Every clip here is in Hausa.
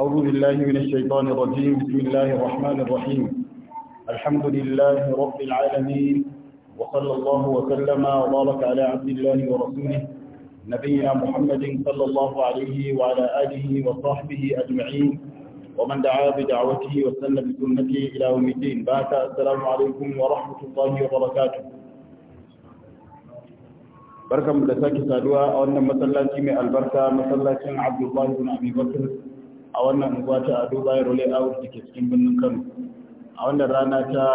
أعوذ بالله من الشيطان الرجيم بسم الله الرحمن الرحيم الحمد لله رب العالمين وصلى الله وسلم وبارك على عبد الله ورسوله نبينا محمد صلى الله عليه وعلى آله وصحبه أجمعين ومن دعا بدعوته وسن بسنته إلى يوم الدين بارك السلام عليكم ورحمة الله وبركاته barkan da sake saduwa a wannan masallaci mai albarka masallacin Abdullahi bin Abi Bakr a wannan unguwa ta ado bayan role out da ke cikin birnin kano a wannan rana ta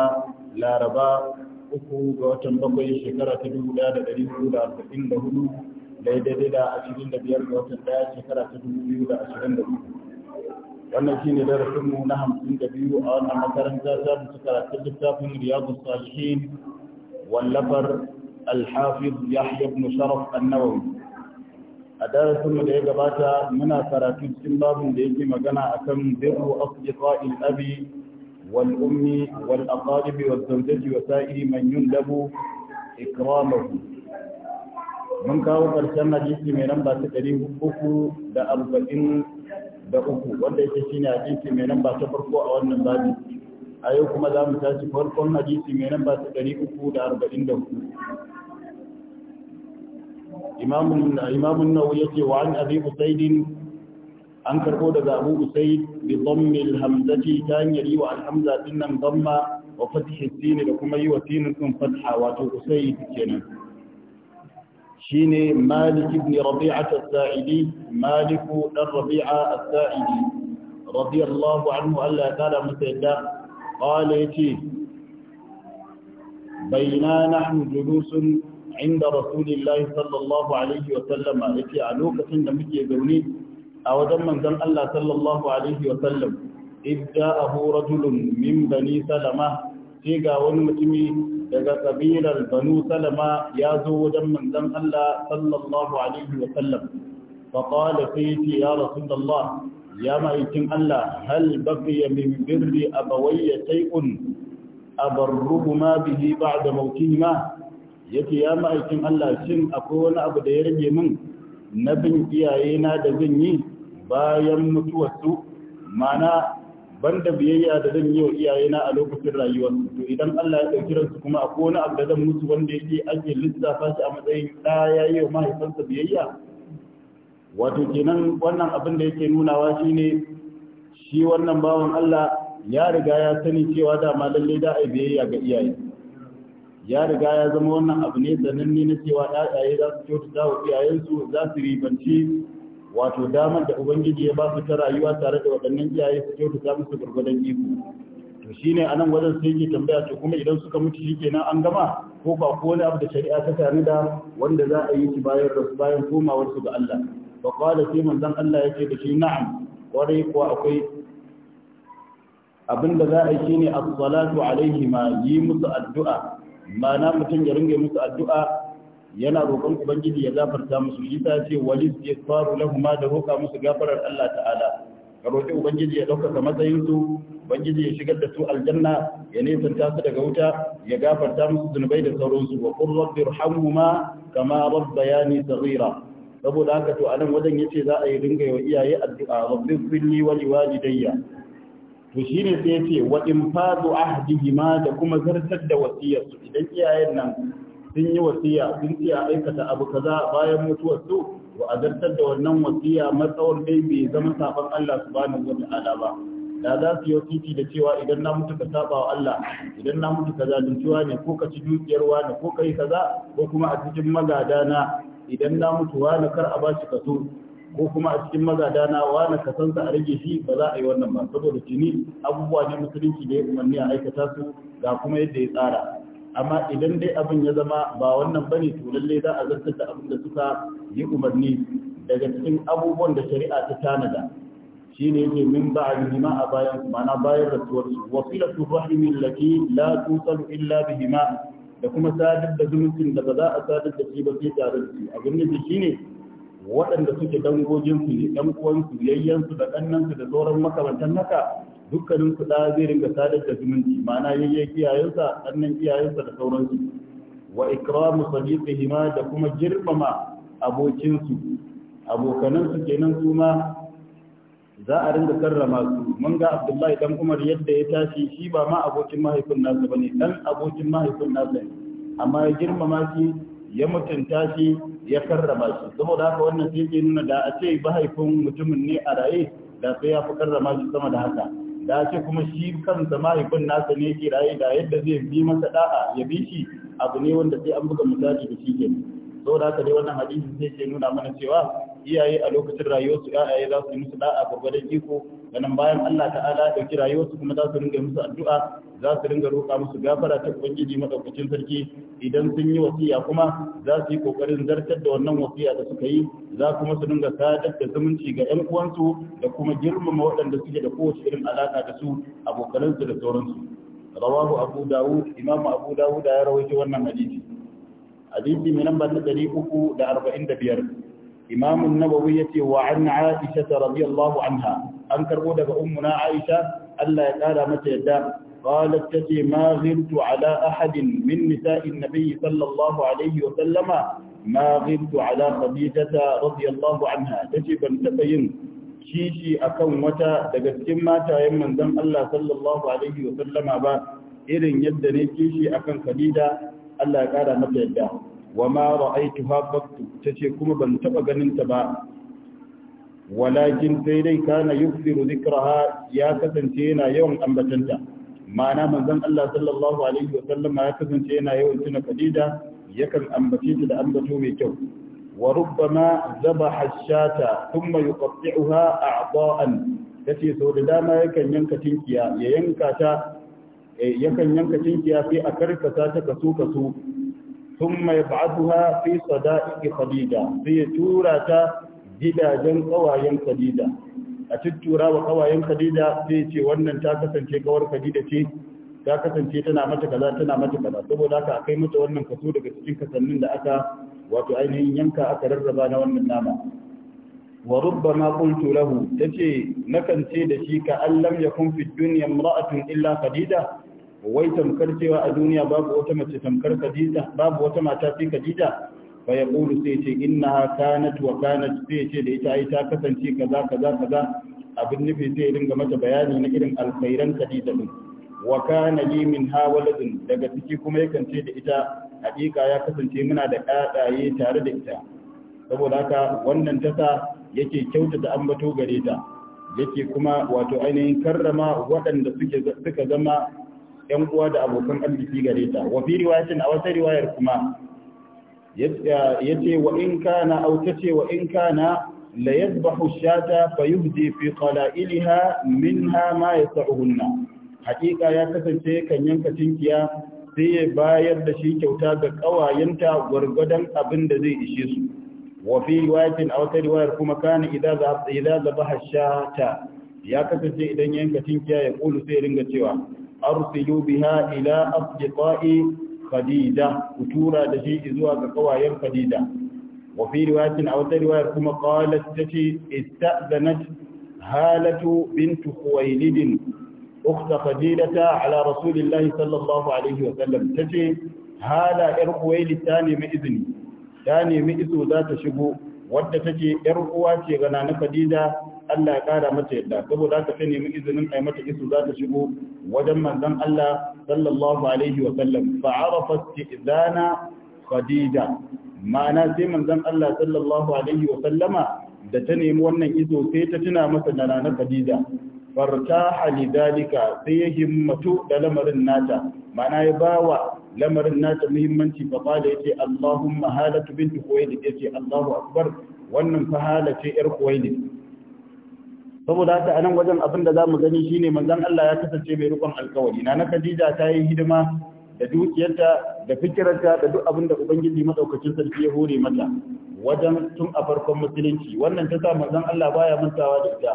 laraba uku ga watan bakwai shekara ta dubu daya da dari hudu da arba'in da hudu daidai da ashirin da biyar ga watan daya shekara ta dubu biyu da ashirin da hudu wannan shi ne darasinmu na hamsin da biyu a wannan makaranta ta mu ci karatun littafin riyadu salihin wallafar alhafiz yahya ibn sharaf annawawi a darasinmu da ya gabata muna karatu cikin babin da yake magana akan birru asdiqa'il abi wal ummi wal aqarib wal zawjati wa sa'iri man yundabu ikramahu mun kawo karshen hadisi mai lamba ta ɗari uku da arba'in da uku wanda yake shine hadisi mai lamba ta farko a wannan babi a yau kuma za mu tashi farkon hadisi mai lamba ta ɗari uku da arba'in da uku imamun imamun ya yace wa an abi usaid an karbo daga abu usaid bi dhammil hamzati ta hanyar yi wa alhamza din nan dhamma wa fathi da kuma yi wa sin sun fatha wato usaid kenan shine malik ibn rabi'a as-sa'idi malik dan rabi'a saidi radiyallahu anhu Allah ya tada masa yadda qala yace bayna nahnu julusun inda rasulillahi sallallahu alaihi wasallam yake a lokacin da muke zaune a wajen manzon Allah sallallahu alaihi wa sallam wasallam idda'ahu rajulun min bani salama sai ga wani mutumi daga kabilar banu salama ya zo wajen manzon Allah sallallahu alaihi wa wasallam فقال فيتي يا رسول الله يا مايكين الله هل بقي من بر أبوي شيء أبرهما به بعد موتهما yake ya ma'aikin Allah shin akwai wani abu da ya rage min na bin iyayena da zan yi bayan mutuwarsu mana banda biyayya da zan yi wa iyayena a lokacin rayuwarsu to idan Allah ya dauki ransu kuma akwai wani abu da zan musu wanda yake ake lissafa shi a matsayin da ya yi wa mahaifansa biyayya wato kenan wannan abin da yake nunawa shine shi wannan bawan Allah ya riga ya sani cewa da ma da ai biyayya ga iyaye ya riga ya zama wannan abu ne sananne na cewa ɗaya za su kyautata wa iyayensu za su ribanci wato damar da ubangiji ya ba su ta rayuwa tare da waɗannan iyaye su kyautata musu gwargwadon iko to shine anan wajen sai yake tambaya to kuma idan suka mutu shikenan an gama ko ba ko wani abu da shari'a ta tare da wanda za a yi shi bayan rasu bayan komawar su ga Allah fa qala sai manzon Allah yake da shi na'am kwarai ko akwai abinda za a yi shine as-salatu alaihima yi musu addu'a ma'ana mutum ya ringa musu addu'a yana roƙon ubangiji ya gafarta musu shi ta ce walis ya faru lahuma da roƙa musu gafarar Allah ta'ala ka roƙi ubangiji ya ɗaukaka matsayinsu ubangiji ya shigar da su aljanna ya nesanta su daga wuta ya gafarta musu zunubai da sauransu wa qur rabbi irhamhuma kama rabbayani saghira saboda haka to anan wajen yace za a yi ringa wa iyaye addu'a rabbi firli wa liwalidayya to shi ne sai ce wa in fadu ahdihima da kuma zartar da wasiyarsu idan iyayen nan sun yi wasiya sun ce a aikata abu kaza bayan mutuwar su to a zartar da wannan wasiya matsawar dai bai zama saban Allah subhanahu wata'ala ba da za su yi wasiki da cewa idan na mutu ka saba wa Allah idan na mutu ka cewa ne ko ka ci dukiyar wani ko kai kaza ko kuma a cikin magadana idan na mutu wani kar a ba shi kaso ko kuma a cikin mazada na wani sa a rage shi ba za a yi wannan ba saboda jini abubuwa ne musulunci da ya umarni a aikata su ga kuma yadda ya tsara amma idan dai abin ya zama ba wannan bane to lalle za a zartar da abin da suka yi umarni daga cikin abubuwan da shari'a ta tanada shine yake min ba'dihi ma a bayan su mana bayan rasuwar su wasilatu rahimi allati la tusalu illa bihima da kuma sadar da zumuncin da ba za a sadar da shi ba sai tare da shi abin da shine waɗanda suke su ne ɗan uwanku yayyansu da ƙannansu da sauran makamantan haka dukkanin su da zai ringa sadar da zumunci ma'ana yayyan iyayensa annan iyayensa da sauransu wa ikramu sadiqihi ma da kuma girmama abokinsu abokanansu kenan su ma za a ringa karrama su mun ga Abdullahi dan Umar yadda ya tashi shi ba ma abokin mahaifin nasa bane dan abokin mahaifin nasa ne amma ya girmama shi ya mutunta shi ya karrama shi saboda haka wannan sai ke nuna da a ce mahaifin mutumin ne a raye da sai ya fi karrama shi sama da haka da a ce kuma shi kansa mahaifin nasa ne ke raye da yadda zai bi masa da'a ya bi shi abu ne wanda sai an buga misali da shi ke saboda haka dai wannan hadisi sai ke nuna mana cewa iyaye a lokacin rayuwarsu iyaye za su yi musu da'a gwargwadon iko ganin bayan Allah ta'ala ya dauki rayuwarsu kuma za su ringa musu addu'a za su ringa roƙa musu gafara ta ubangiji madaukakin sarki idan sun yi wasiya kuma za su yi kokarin zartar da wannan wasiya da suka yi za kuma su ringa sadar da zumunci ga ƴan uwansu da kuma girmama waɗanda suke da kowace irin alaka da su abokanansu da sauransu rawahu abu dawud imamu abu dawud ya rawaito wannan hadisi hadisi mai namba ta 345 imamin an yace wa an aisha radiyallahu anha an karbo daga ummuna aisha Allah ya kara mata yadda qalat tati ma ghibtu ala ahad min nisa'in nabiy sallallahu alayhi sallama ma ghibtu ala khadijata radiyallahu anha tace ban tabayin kishi akan wata daga cikin matayen manzon Allah sallallahu alayhi sallama ba irin yadda ne kishi akan khadija Allah ya kara mata yadda wa ma ra'aituha qattu tace kuma ban taba ganin ta ba walakin sai dai kana yukthiru dhikraha ya kasance yana yawan ambatanta ma'ana manzon Allah sallallahu alaihi wa sallam ya kasance yana yawan tuna Khadija yakan ambace ta da ambato mai kyau wa rubbama zabaha shata thumma yuqatti'uha a'da'an tace sau da dama yakan yanka tinkiya ya yanka ta eh, yakan yanka tinkiya sai a karkasa ta kaso kaso thumma yab'athuha fi sada'iqi khadija sai ya gidajen kawayen khadija a tuttura wa kawayen khadija sai ya ce wannan ta kasance kawar khadija ce ta kasance tana mata kaza tana mata kaza saboda haka akai mata wannan kaso daga cikin kasannin da aka wato ainihin yanka aka rarraba na wannan nama wa rubbama qultu lahu tace nakan ce da shi ka allam yakun fi dunya imra'atun illa khadija wai tamkar cewa a duniya babu wata mace tamkar kadida babu wata mata fi kadida fa yaqulu sai ce inna kanat wa kanat sai ce da ita ai ta kasance kaza kaza kaza abin nufi sai dinga mata bayani na irin alkhairan Khadija din wa kana li ha waladun daga ciki kuma yakan ce da ita hakika ya kasance muna da kadaye tare da ita saboda haka wannan tasa yake kyautata ambato gare ta yake kuma wato ainihin karrama waɗanda suke suka zama ‘yan uwa da abokan arziki gare ta wa fi riwayatin a wata riwayar kuma ya wa in kana aw tace wa in kana la yadbahu shata fa yuhdi fi qala'ilha minha ma yas'uhunna haƙiƙa ya kasance kan yanka tinkiya sai ya bayar da shi kyauta ga ƙawayenta gurgudan abin da zai ishe su wa fi riwayatin a wata riwayar kuma kana idza idza shata ya kasance idan yanka tinkiya ya kulu sai ringa cewa arsilu biha ila asdiqai kadida ku tura da shi zuwa ga kawayen khadija wa fi riwayatin aw ta riwayar kuma qalat tati ista'zanat halatu bint khuwaylid ukhta khadijata ala rasulillahi sallallahu alaihi wa sallam tace hala yar khuwaylid ta nemi izini ta nemi iso za ta shigo wadda take yar uwa ce ga nana khadija Allah ya kara mata yadda saboda ta fi nemi izinin ai mata isu za ta shigo wajen manzon Allah sallallahu alaihi wa sallam fa arafat idana khadija ma'ana sai manzon Allah sallallahu alaihi wa sallama da ta nemi wannan izo sai ta tuna masa da ranar khadija fartaha lidalika sai ya himmatu da lamarin nata ma'ana ya bawa lamarin nata muhimmanci fa ya yace Allahumma halatu binti Khuwaylid yace Allahu akbar wannan fa halatu yar Khuwaylid saboda haka anan wajen abin da za mu gani shine manzon Allah ya kasance mai rukon alkawari na na Khadija ta yi hidima da dukiyarta da fikirarta da duk abin da ubangiji madaukakin sarki ya hore mata wajen tun a farkon musulunci wannan ta sa manzon Allah baya mantawa da ita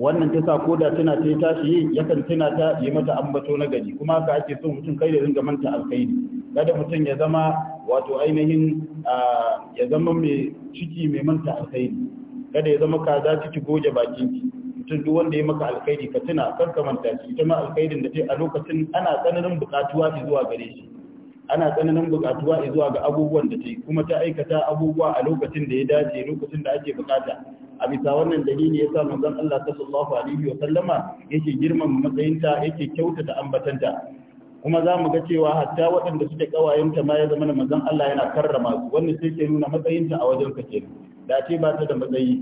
wannan ta sa koda tana ta tashi yakan tana ta yi mata ambato na gari kuma haka ake so mutum kai da dinga manta alkhairi kada mutum ya zama wato ainihin ah, ya zama mai ciki mai manta alkhairi kada ya zama kaza ciki goje bakin ki mutum duk wanda ya maka alkhairi ka tuna kar ka manta shi ita ma alkhairin da ta a lokacin ana tsananin bukatuwa zuwa gare shi ana tsananin bukatuwa zuwa ga abubuwan da ta kuma ta aikata abubuwa a lokacin da ya dace lokacin da ake bukata a bisa wannan dalili yasa manzon Allah sallallahu alaihi wa sallama yake girman matsayinta yake kyautata ambatanta kuma za mu ga cewa hatta waɗanda suke kawayenta ma ya zama manzon Allah yana karrama su wannan sai ke nuna matsayinta a wajen kake da ce ba ta da matsayi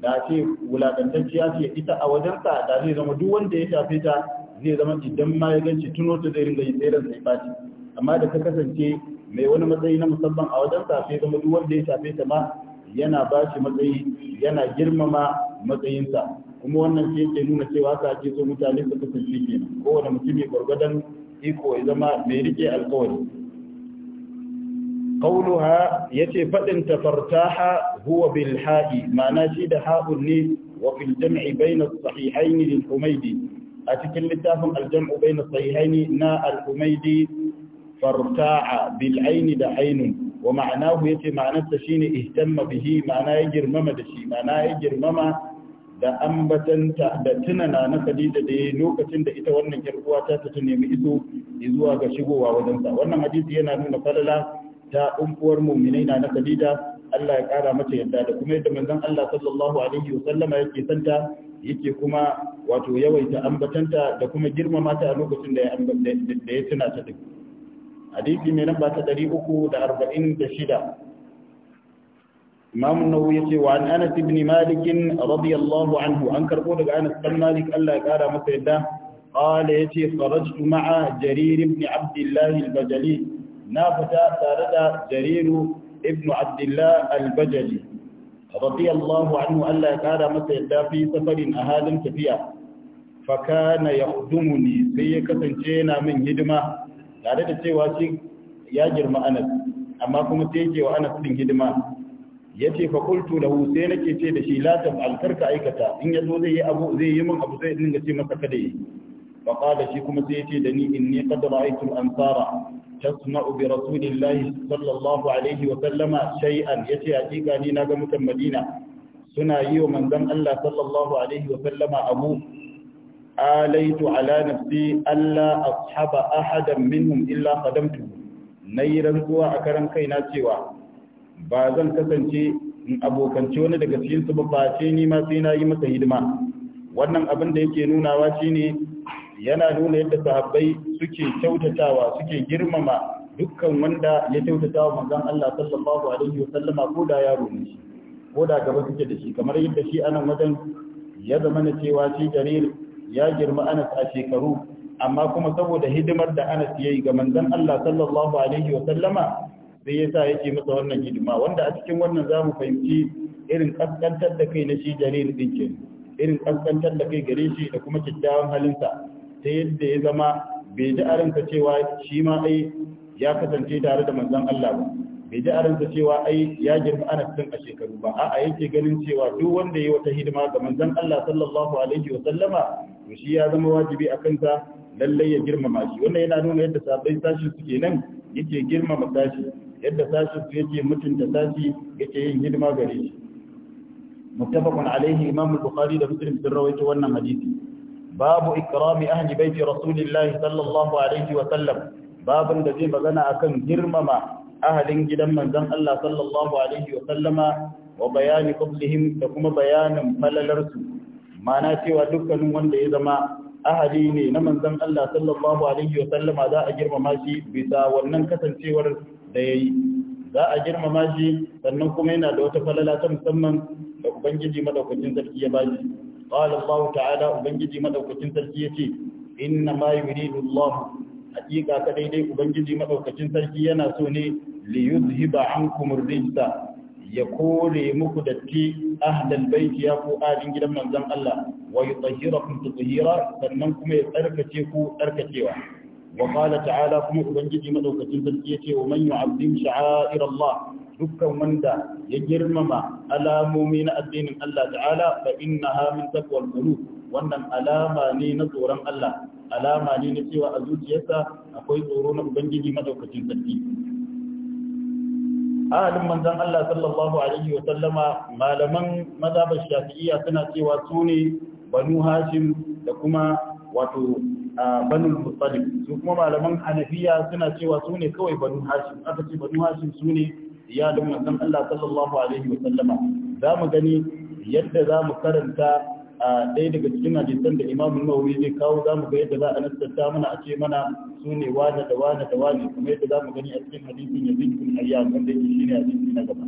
da ce wulakantacciya ce ita a wajensa da zai zama duk wanda ya shafe ta zai zama idan ma ya ganci tuno ta zai ringa yi tseren sai faci amma da ta kasance mai wani matsayi na musamman a wajensa sai zama duk wanda ya shafe ta ma yana ba shi matsayi yana girmama matsayinsa kuma wannan sai ke nuna cewa haka ake so mutane su kasance kenan kowane mutum ya gwargwadon iko ya zama mai rike alkawari ƙaunuha ya ce faɗin tafarta huwa bilha'i mana shi da ha'un ne wa fil jam'i bayna sahihaini lil umaydi a cikin littafin aljam'u bayna sahihaini na al umaydi farta'a bil aini da ainun wa ma'anahu yace ma'anarsa shine ihtamma bihi ma'ana ya girmama da shi ma'ana ya girmama da ambatanta da tunana na Khadija da yayin lokacin da ita wannan kirkuwa ta ta nemi izo izuwa ga shigowa wajen ta wannan hadisi yana nuna falala ta umfuwar mu'minai na Khadija Allah ya ƙara mata yadda da kuma yadda manzan Allah sallallahu alaihi wa sallama yake santa yake kuma wato yawaita ambatanta da kuma girmama ta a lokacin da ya da ya tuna ta duk hadisi mai namba ta 346 Imam ya ce wa an Anas ibn Malik radiyallahu anhu an karbo daga Anas ibn Malik Allah ya ƙara masa yadda قال يتي خرجت مع جرير بن عبد الله البجلي na fita tare da jariru ibnu abdullah al-bajali radiyallahu anhu Allah ya kara masa yadda fi safarin a halin tafiya fa kana yakhdumuni sai ya kasance yana min hidima tare da cewa shi ya girma Anas amma kuma sai yake wa Anas din hidima yace fa qultu lahu sai nake ce da shi la tab alkarka aikata in yazo zai yi abu zai yi min abu sai dinga ce masa kada yi faƙada shi kuma sai ya ce da ni in ne ƙadar aikul an tsara ta suna ubi sallallahu alaihi wa sallama shay'an ya ce haƙiƙa ni na ga mutan madina suna yi wa manzan Allah sallallahu alaihi wa sallama abu alaitu ala nafsi Allah ashaba ahadan minhum illa qadamtu nayi rantsuwa a karan kaina cewa ba zan kasance in abokanci wani daga cikin su ba ba ce sai na yi masa hidima wannan abin da yake nunawa shine yana nuna yadda sahabbai suke kyautatawa suke girmama dukkan wanda ya kyautatawa manzon Allah sallallahu alaihi wasallama ko da yaro ne shi ko da gaba suke da shi kamar yadda shi anan wajen ya zama na cewa shi jarir ya girma Anas a shekaru amma kuma saboda hidimar da Anas yayi ga manzon Allah sallallahu alaihi wasallama sai yasa yake masa wannan hidima wanda a cikin wannan zamu fahimci irin kaskantar da kai na shi jarir din kenan irin kaskantar da kai gare shi da kuma kyakkyawan halinsa ta yadda ya zama bai ji a cewa shi ma ai ya kasance tare da manzon Allah ba bai ji arinsa cewa ai ya girma ana cikin a shekaru ba a'a yake ganin cewa duk wanda ya wata hidima ga manzon Allah sallallahu alaihi wa sallama to shi ya zama wajibi a kansa lallai ya girmama shi wannan yana nuna yadda sabai sashi suke nan yake girmama sashi yadda sashi su yake mutunta sashi yake yin hidima gare shi متفق عليه imam البخاري bukhari da في الرواية rawaito wannan hadisi babu ikrami ahli baiti rasulillahi sallallahu alaihi wa sallam babun da zai magana akan girmama ahalin gidan manzon Allah sallallahu alaihi wa sallama wa bayani qablihim da kuma bayanin falalarsu mana cewa dukkanin wanda ya zama ahali ne na manzon Allah sallallahu alaihi wa sallama za a girmama shi bisa wannan kasancewar da yayi za a girmama shi sannan kuma yana da wata falala ta musamman da ubangiji madaukakin sarki ya bashi qala Allah ta'ala ubangiji maɗaukacin sarki yace inna ma yuridu Allah hakika ka daidai ubangiji maɗaukacin sarki yana so ne li an ankum rijsa ya kore muku datti ahlal baiti ya ku gidan manzon Allah wa yutahhirakum tsahira sannan kuma ya tsarkace ku tsarkacewa وقال تعالى كما أبنجد مدوكة تلك ومن يعظم شعائر الله dukkan wanda ya girmama alamomi na addinin Allah ta'ala fa innaha min taqwal qulub wannan alama ne na tsoron Allah alama ne na cewa a zuciyarsa akwai tsoro na ubangiji madaukakin sarki ahalin manzon Allah sallallahu alaihi wa sallama malaman mazhabin shafi'iyya suna cewa su ne banu hashim da kuma wato banul muttalib su kuma malaman hanafiya suna cewa su ne kawai banu hashim aka ce banu hashim su ne iyalin manzon Allah sallallahu alaihi wa sallama za mu gani yadda za mu karanta a ɗaya daga cikin hadisan da imamu nawawi zai kawo za mu ga yadda za a nassarta mana a ce mana su ne wane da wane da wane kuma yadda za mu gani a cikin hadisin yazid bin ayyan wanda yake shine hadisi na gaba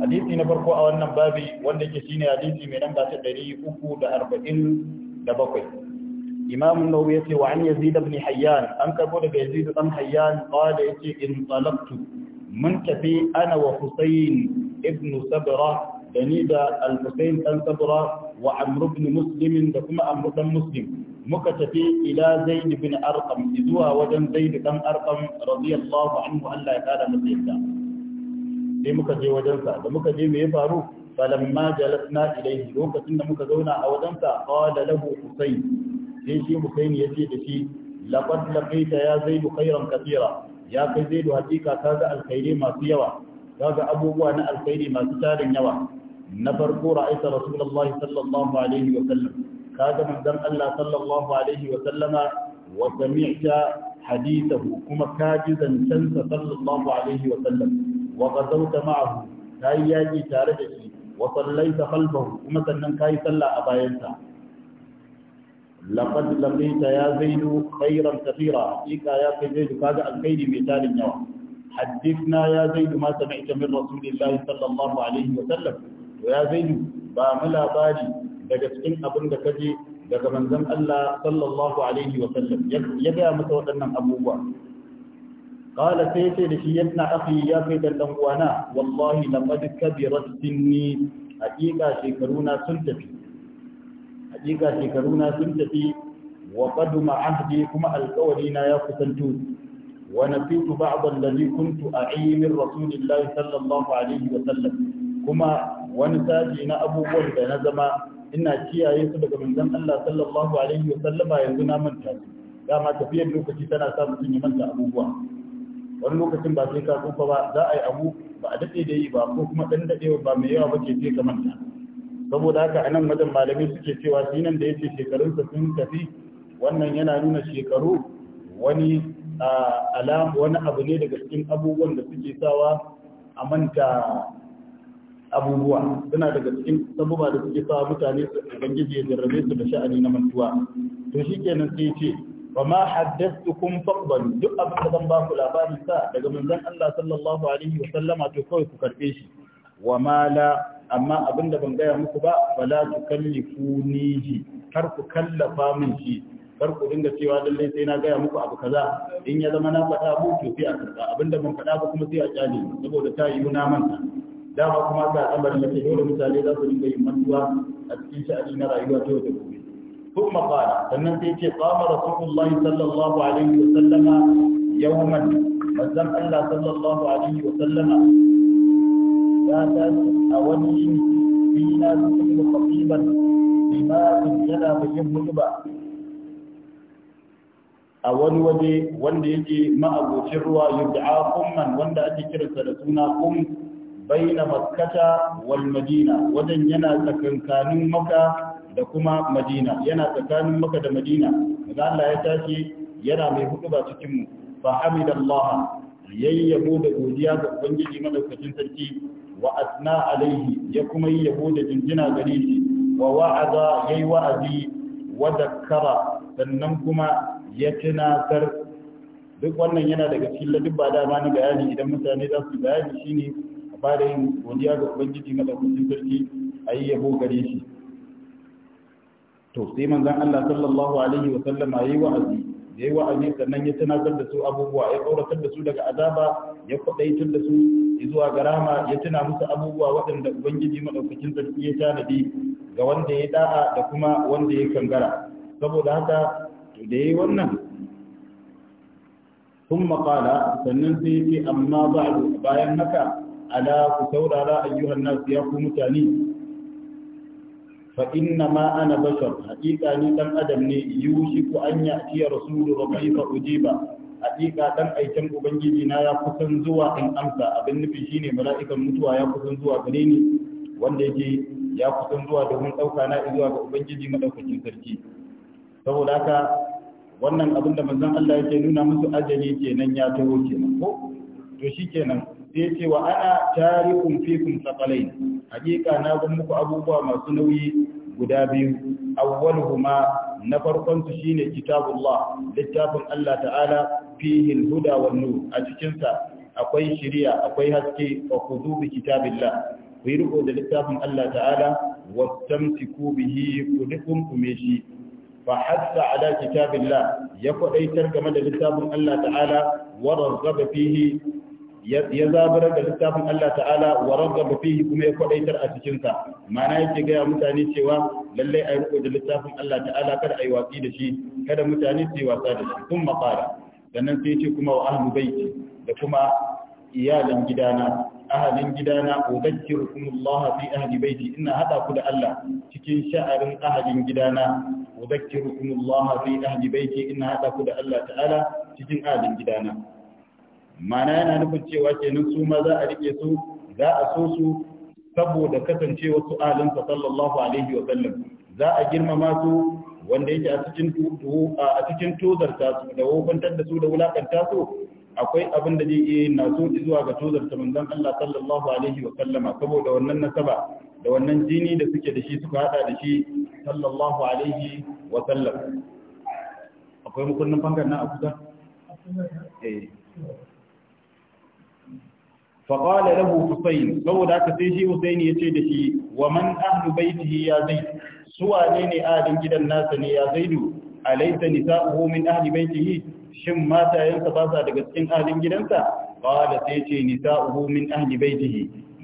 hadisi na farko a wannan babi wanda yake shine hadisi mai namba ta ɗari uku da arba'in da bakwai imam an-nawawi yace wa an yazid ibn hayyan an karbo daga yazid ibn hayyan qala yace in talaqtu mun tafi ana wa husayn ibn sabra dani da al-husayn dan sabra wa amr ibn muslim da kuma amr dan muslim muka tafi ila zaid ibn arqam zuwa wajen zaid dan arqam radiyallahu anhu Allah ya kada masa yadda sai muka je wajensa da muka je me faru falamma lokacin da muka zauna a wajensa da labu husayn sai shi mukaimi ya ce da shi laqad laqaita ya zaidu khairan kathira ya kai zaidu hakika kaga alkhairi masu yawa ga abubuwa na alkhairi masu tarin yawa na farko ra'aita rasulullahi sallallahu alaihi wa sallam kaga manzon Allah sallallahu alaihi wa sallama wa sami'ta hadithahu kuma kaji zancansa sallallahu alaihi wa sallam wa qadawta ma'ahu kai yaji tare da shi wa sallaita khalfahu kuma sannan kai sallah a bayansa laqad laqita ya zaidu khairan kathira hakika ya kai zaidu kaga alkhairi mai tarin yawa حدثنا يا زيد ما سمعت من رسول الله صلى الله عليه وسلم ويا ba mu labari daga cikin abin da kaje daga manzon Allah sallallahu alaihi wa sallam ya ga masa waɗannan abubuwa qala sai sai da shi yana akhi ya kai dan dan uwana wallahi laqad kabirat haƙiƙa shekaru na sun tafi hakika shekaru na sun tafi wa qaduma ahdi kuma alkawari na ya kusanto wa nasitu ba'd alladhi kuntu a min rasulillahi sallallahu alaihi wa sallam kuma wani sashi na abubuwan da na zama ina kiyaye su daga manzon Allah sallallahu alaihi wa sallama yanzu na manta su dama tafiyar lokaci tana sa mutum ya manta abubuwa wani lokacin ba sai ka tsufa ba za a yi abu ba a daɗe da yi ba ko kuma ɗan daɗewa ba mai yawa ba ke sai ka manta saboda haka a nan wajen malamai suke cewa dinan da ya ce shekarunsa sun tafi wannan yana nuna shekaru wani wani abu ne daga cikin abubuwan da suke sawa a manta abubuwa suna daga cikin sabuba da suke sawa mutane su ubangiji ya jarrabe su da sha'ani na mantuwa to shi kenan sai ce wa ma haddathukum faqbalu duk abin da zan ba ku labarin sa daga manzon Allah sallallahu alaihi Wasallama to kawai ku karɓe shi wa mala amma abinda ban gaya muku ba wala tukallifu ji kar ku kallafa min shi kar ku dinga cewa lallai sai na gaya muku abu kaza in ya zama na faɗa mu to sai a karɓa abinda ban faɗa ba kuma sai a kyale saboda ta yi na manta dama kuma ga al'amarin da ke dole misali za su dinga yin mantuwa a cikin sha'ani na rayuwa ta yau da gobe kuma قال sannan sai ce qama rasulullahi sallallahu alaihi wa sallama yawman manzon Allah sallallahu alaihi wa sallama ya tashi a wani yini fi na cikin khatiban limamin yana bakin mutuba a wani waje wanda yake ma'abocin ruwa yud'a kumman wanda ake kiransa da suna kum baina makkata wal madina wajen yana tsakankanin maka da kuma madina yana tsakanin maka da madina daga Allah ya yana mai hudu ba cikin mu fa yayyabo da godiya ga ubangiji madaukakin sarki wa asna alaihi ya kuma yi yabo da jinjina gare shi wa wa'aza yayi wa'azi wa zakkara sannan kuma ya tunatar duk wannan yana daga cikin ba da na bayani idan mutane za su bayani shine a fara yin godiya ga ubangiji madaukakin sarki a yi yabo gare shi to sai manzon Allah sallallahu alaihi wa sallama yayi wa'azi ya yi wa'azi sannan ya tunatar da su abubuwa ya kauratar da su daga azaba ya kwadaitar da su zuwa garama ya tuna musu abubuwa waɗanda ubangiji madaukakin sarki ya tanadi ga wanda ya da'a da kuma wanda ya kangara saboda haka to da yayi wannan ثم قال sannan sai ce amma ba'du bayan haka ala ku saurara ayyuhan nas ya ku mutane fa inna ma ana bashar haƙiƙa ni dan adam ne yushiku an ya tiya rasulu kai fa ujiba haƙiƙa dan aikin ubangiji na ya kusan zuwa in amsa abin nufi shine mala'ikan mutuwa ya kusan zuwa gare ni wanda yake ya kusan zuwa domin ɗauka na zuwa ga ubangiji madaukakin sarki saboda haka wannan abin da manzon Allah yake nuna musu ajali kenan ya taho kenan ko to shikenan sai ce wa a'a tarikun fikum saqalain hakika na bar muku abubuwa masu nauyi guda biyu huma na farkon su shine kitabullah littafin Allah ta'ala fihi al-huda wan nur a cikin sa akwai shiriya akwai haske wa khudhu bi kitabillah ku yi riko da littafin Allah ta'ala wa tamsiku bihi ku dukun shi fa hatta ala kitabillah ya kwadaitar game da littafin Allah ta'ala wa razzaba fihi ya zabar da littafin Allah ta'ala wa rabbaba fihi kuma ya kwadaitar a cikin sa ma'ana yake ga mutane cewa lalle ayi riko da littafin Allah ta'ala kada ayi watsi da shi kada mutane su yi wasa da shi kuma qala sannan sai ce kuma wa ahlu baiti da kuma iyalan gidana ahalin gidana udhakkirukum Allah fi ahli baiti ina hada ku da Allah cikin sha'arin ahalin gidana udhakkirukum Allah fi ahli baiti ina hada ku da Allah ta'ala cikin ahalin gidana mana yana nufin cewa kenan su ma za a rike su za a so su saboda kasancewa su sa sallallahu alaihi wa sallam za a girmama su wanda yake a cikin tutu a cikin ta su da wofantar da su da wulakanta su akwai abin da zai iya yin naso zuwa ga ta manzon Allah sallallahu alaihi wa sallama saboda wannan nasaba da wannan jini da suke da shi suka hada da shi sallallahu alaihi wa sallam akwai mukunnin fangar na a kusa eh فقال له حسين لو ذاك sai shi Husain yace da shi wa man ahlu baitihi ya zai su wane ne ahalin gidan nasa ne ya zaidu alaysa nisa'uhu min ahli baitihi shin matayensa ba sa daga cikin ahalin gidansa qala sai yace nisa'uhu min ahli baitihi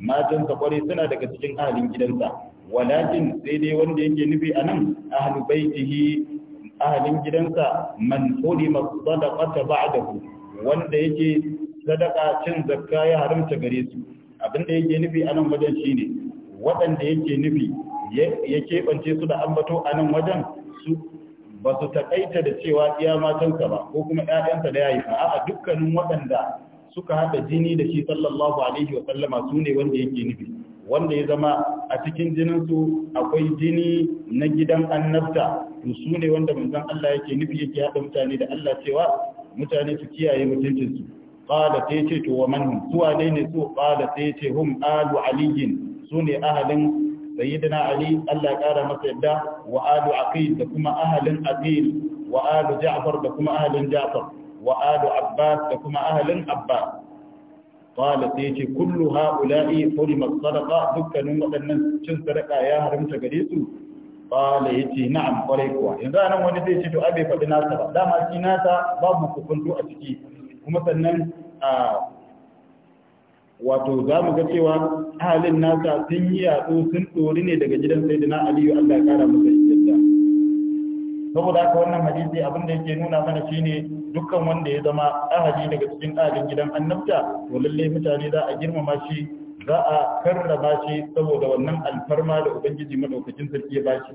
matansa kwarai suna daga cikin ahalin gidansa walakin sai dai wanda yake nufi anan ahlu baitihi ahalin gidansa man hulima sadaqata ba'dahu wanda yake sadaka cin zakka ya haramta gare su abin da yake nufi a nan wajen shine waɗanda yake nufi ya keɓance su da ambato a nan wajen su ba su taƙaita da cewa iya matansa ba ko kuma ‘ya'yansa da ya haifa a dukkanin waɗanda suka haɗa jini da shi sallallahu alaihi wa sallama su ne wanda yake nufi wanda ya zama a cikin jininsu akwai jini na gidan annabta to su ne wanda manzon Allah yake nufi yake hada mutane da Allah cewa mutane su kiyaye su qala sai ce to wa man hum suwa ne ne su qala sai ce hum alu aliyin ne ahalin sayyidina ali Allah ya kara masa yadda wa alu aqil da kuma ahalin aqil wa alu ja'far da kuma ahalin ja'far wa alu abbas da kuma ahalin abbas qala sai yace kullu ha haula'i hurima sadaqa dukkanin waɗannan cin sadaka ya haramta gare su qala yace na'am kwarai kuwa yanzu anan wani zai ce to abe faɗi nasa ba dama shi nasa babu hukunto a ciki kuma sannan wato za mu ga cewa halin nasa sun yi yatsu sun ɗori ne daga gidan sai dina aliyu allah ya kara masa yadda saboda haka wannan hadisi abin da yake nuna mana shine dukkan wanda ya zama ahali daga cikin ahadin gidan annabta to lalle mutane za a girmama shi za a karrama shi saboda wannan alfarma da ubangiji madaukakin sarki ya bashi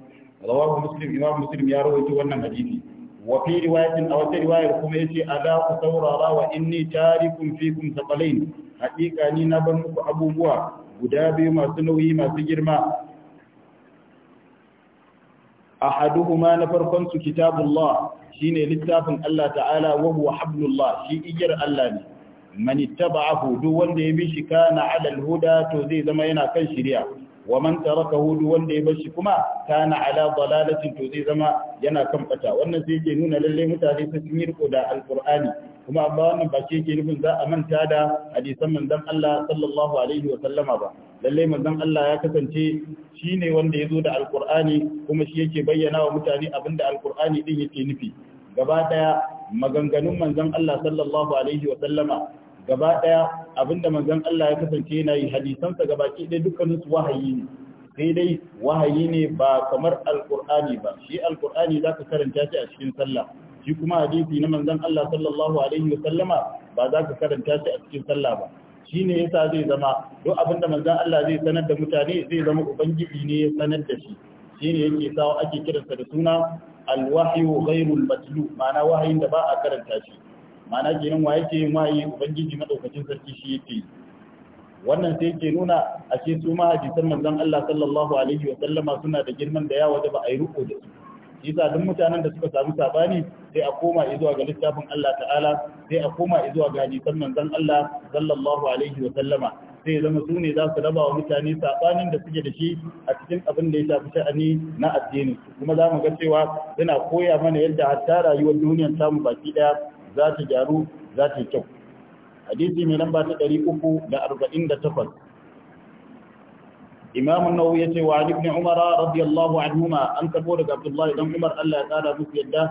rawahu muslim imam muslim ya rawaito wannan hadisi wa riwayatin a wata riwayar kuma ya a za ku saurara wa inni tarikum fikum thaqalain haƙiƙa ni na bar muku abubuwa guda biyu masu nauyi masu girma ahaduhuma na farkon su kitabullah shine littafin Allah ta'ala wa hablullah shi igiyar Allah ne man ittaba'ahu duk wanda ya bi shi kana ala huda to zai zama yana kan shirya. wa man taraka hudu wanda ya bar shi kuma kana ala dalalatin to zai zama yana kan fata wannan sai yake nuna lalle mutane sun yi riko da alqur'ani kuma amma wannan ba shi yake nufin za a manta da hadisan manzon Allah sallallahu alaihi wa sallama ba lalle manzon Allah ya kasance shine wanda ya zo da alqur'ani kuma shi yake bayyana wa mutane abinda alqur'ani din yake nufi gaba daya maganganun manzon Allah sallallahu alaihi wa sallama gaba ɗaya abinda manzon Allah ya kasance yana yi hadisansa gabaki ɗaya dukkanin su wahayi ne sai dai wahayi ne ba kamar alqur'ani ba shi alqur'ani zaka karanta shi a cikin sallah shi kuma hadisi na manzon Allah sallallahu alaihi wa sallama ba za ka karanta shi a cikin sallah ba shine yasa zai zama duk abinda manzon Allah zai sanar da mutane zai zama ubangiji ne ya sanar da shi shine yake sawa ake kiransa da suna alwahyu ghairul matlu ma'ana wahayin da ba a karanta shi ma'ana kenan wa yake yin wahayi ubangiji madaukakin sarki shi yake wannan sai ke nuna a ce su ma manzon Allah sallallahu alaihi wa sallama suna da girman da ya waje ba a yi ruko da su yasa duk mutanen da suka samu sabani sai a koma zuwa ga littafin Allah ta'ala sai a koma zuwa ga hadisan manzon Allah sallallahu alaihi wa sallama sai zama su ne za su raba wa mutane sabanin da suke da shi a cikin abin da ya shafi sha'ani na addini kuma za mu ga cewa suna koya mana yadda hatta rayuwar duniyar samu baki daya za ta gyaru za ta yi kyau hadisi mai lamba ta 348 imamun nawawi yace wa ali ibn umar radiyallahu anhuma an karbo daga abdullahi dan umar Allah ya tsara musu yadda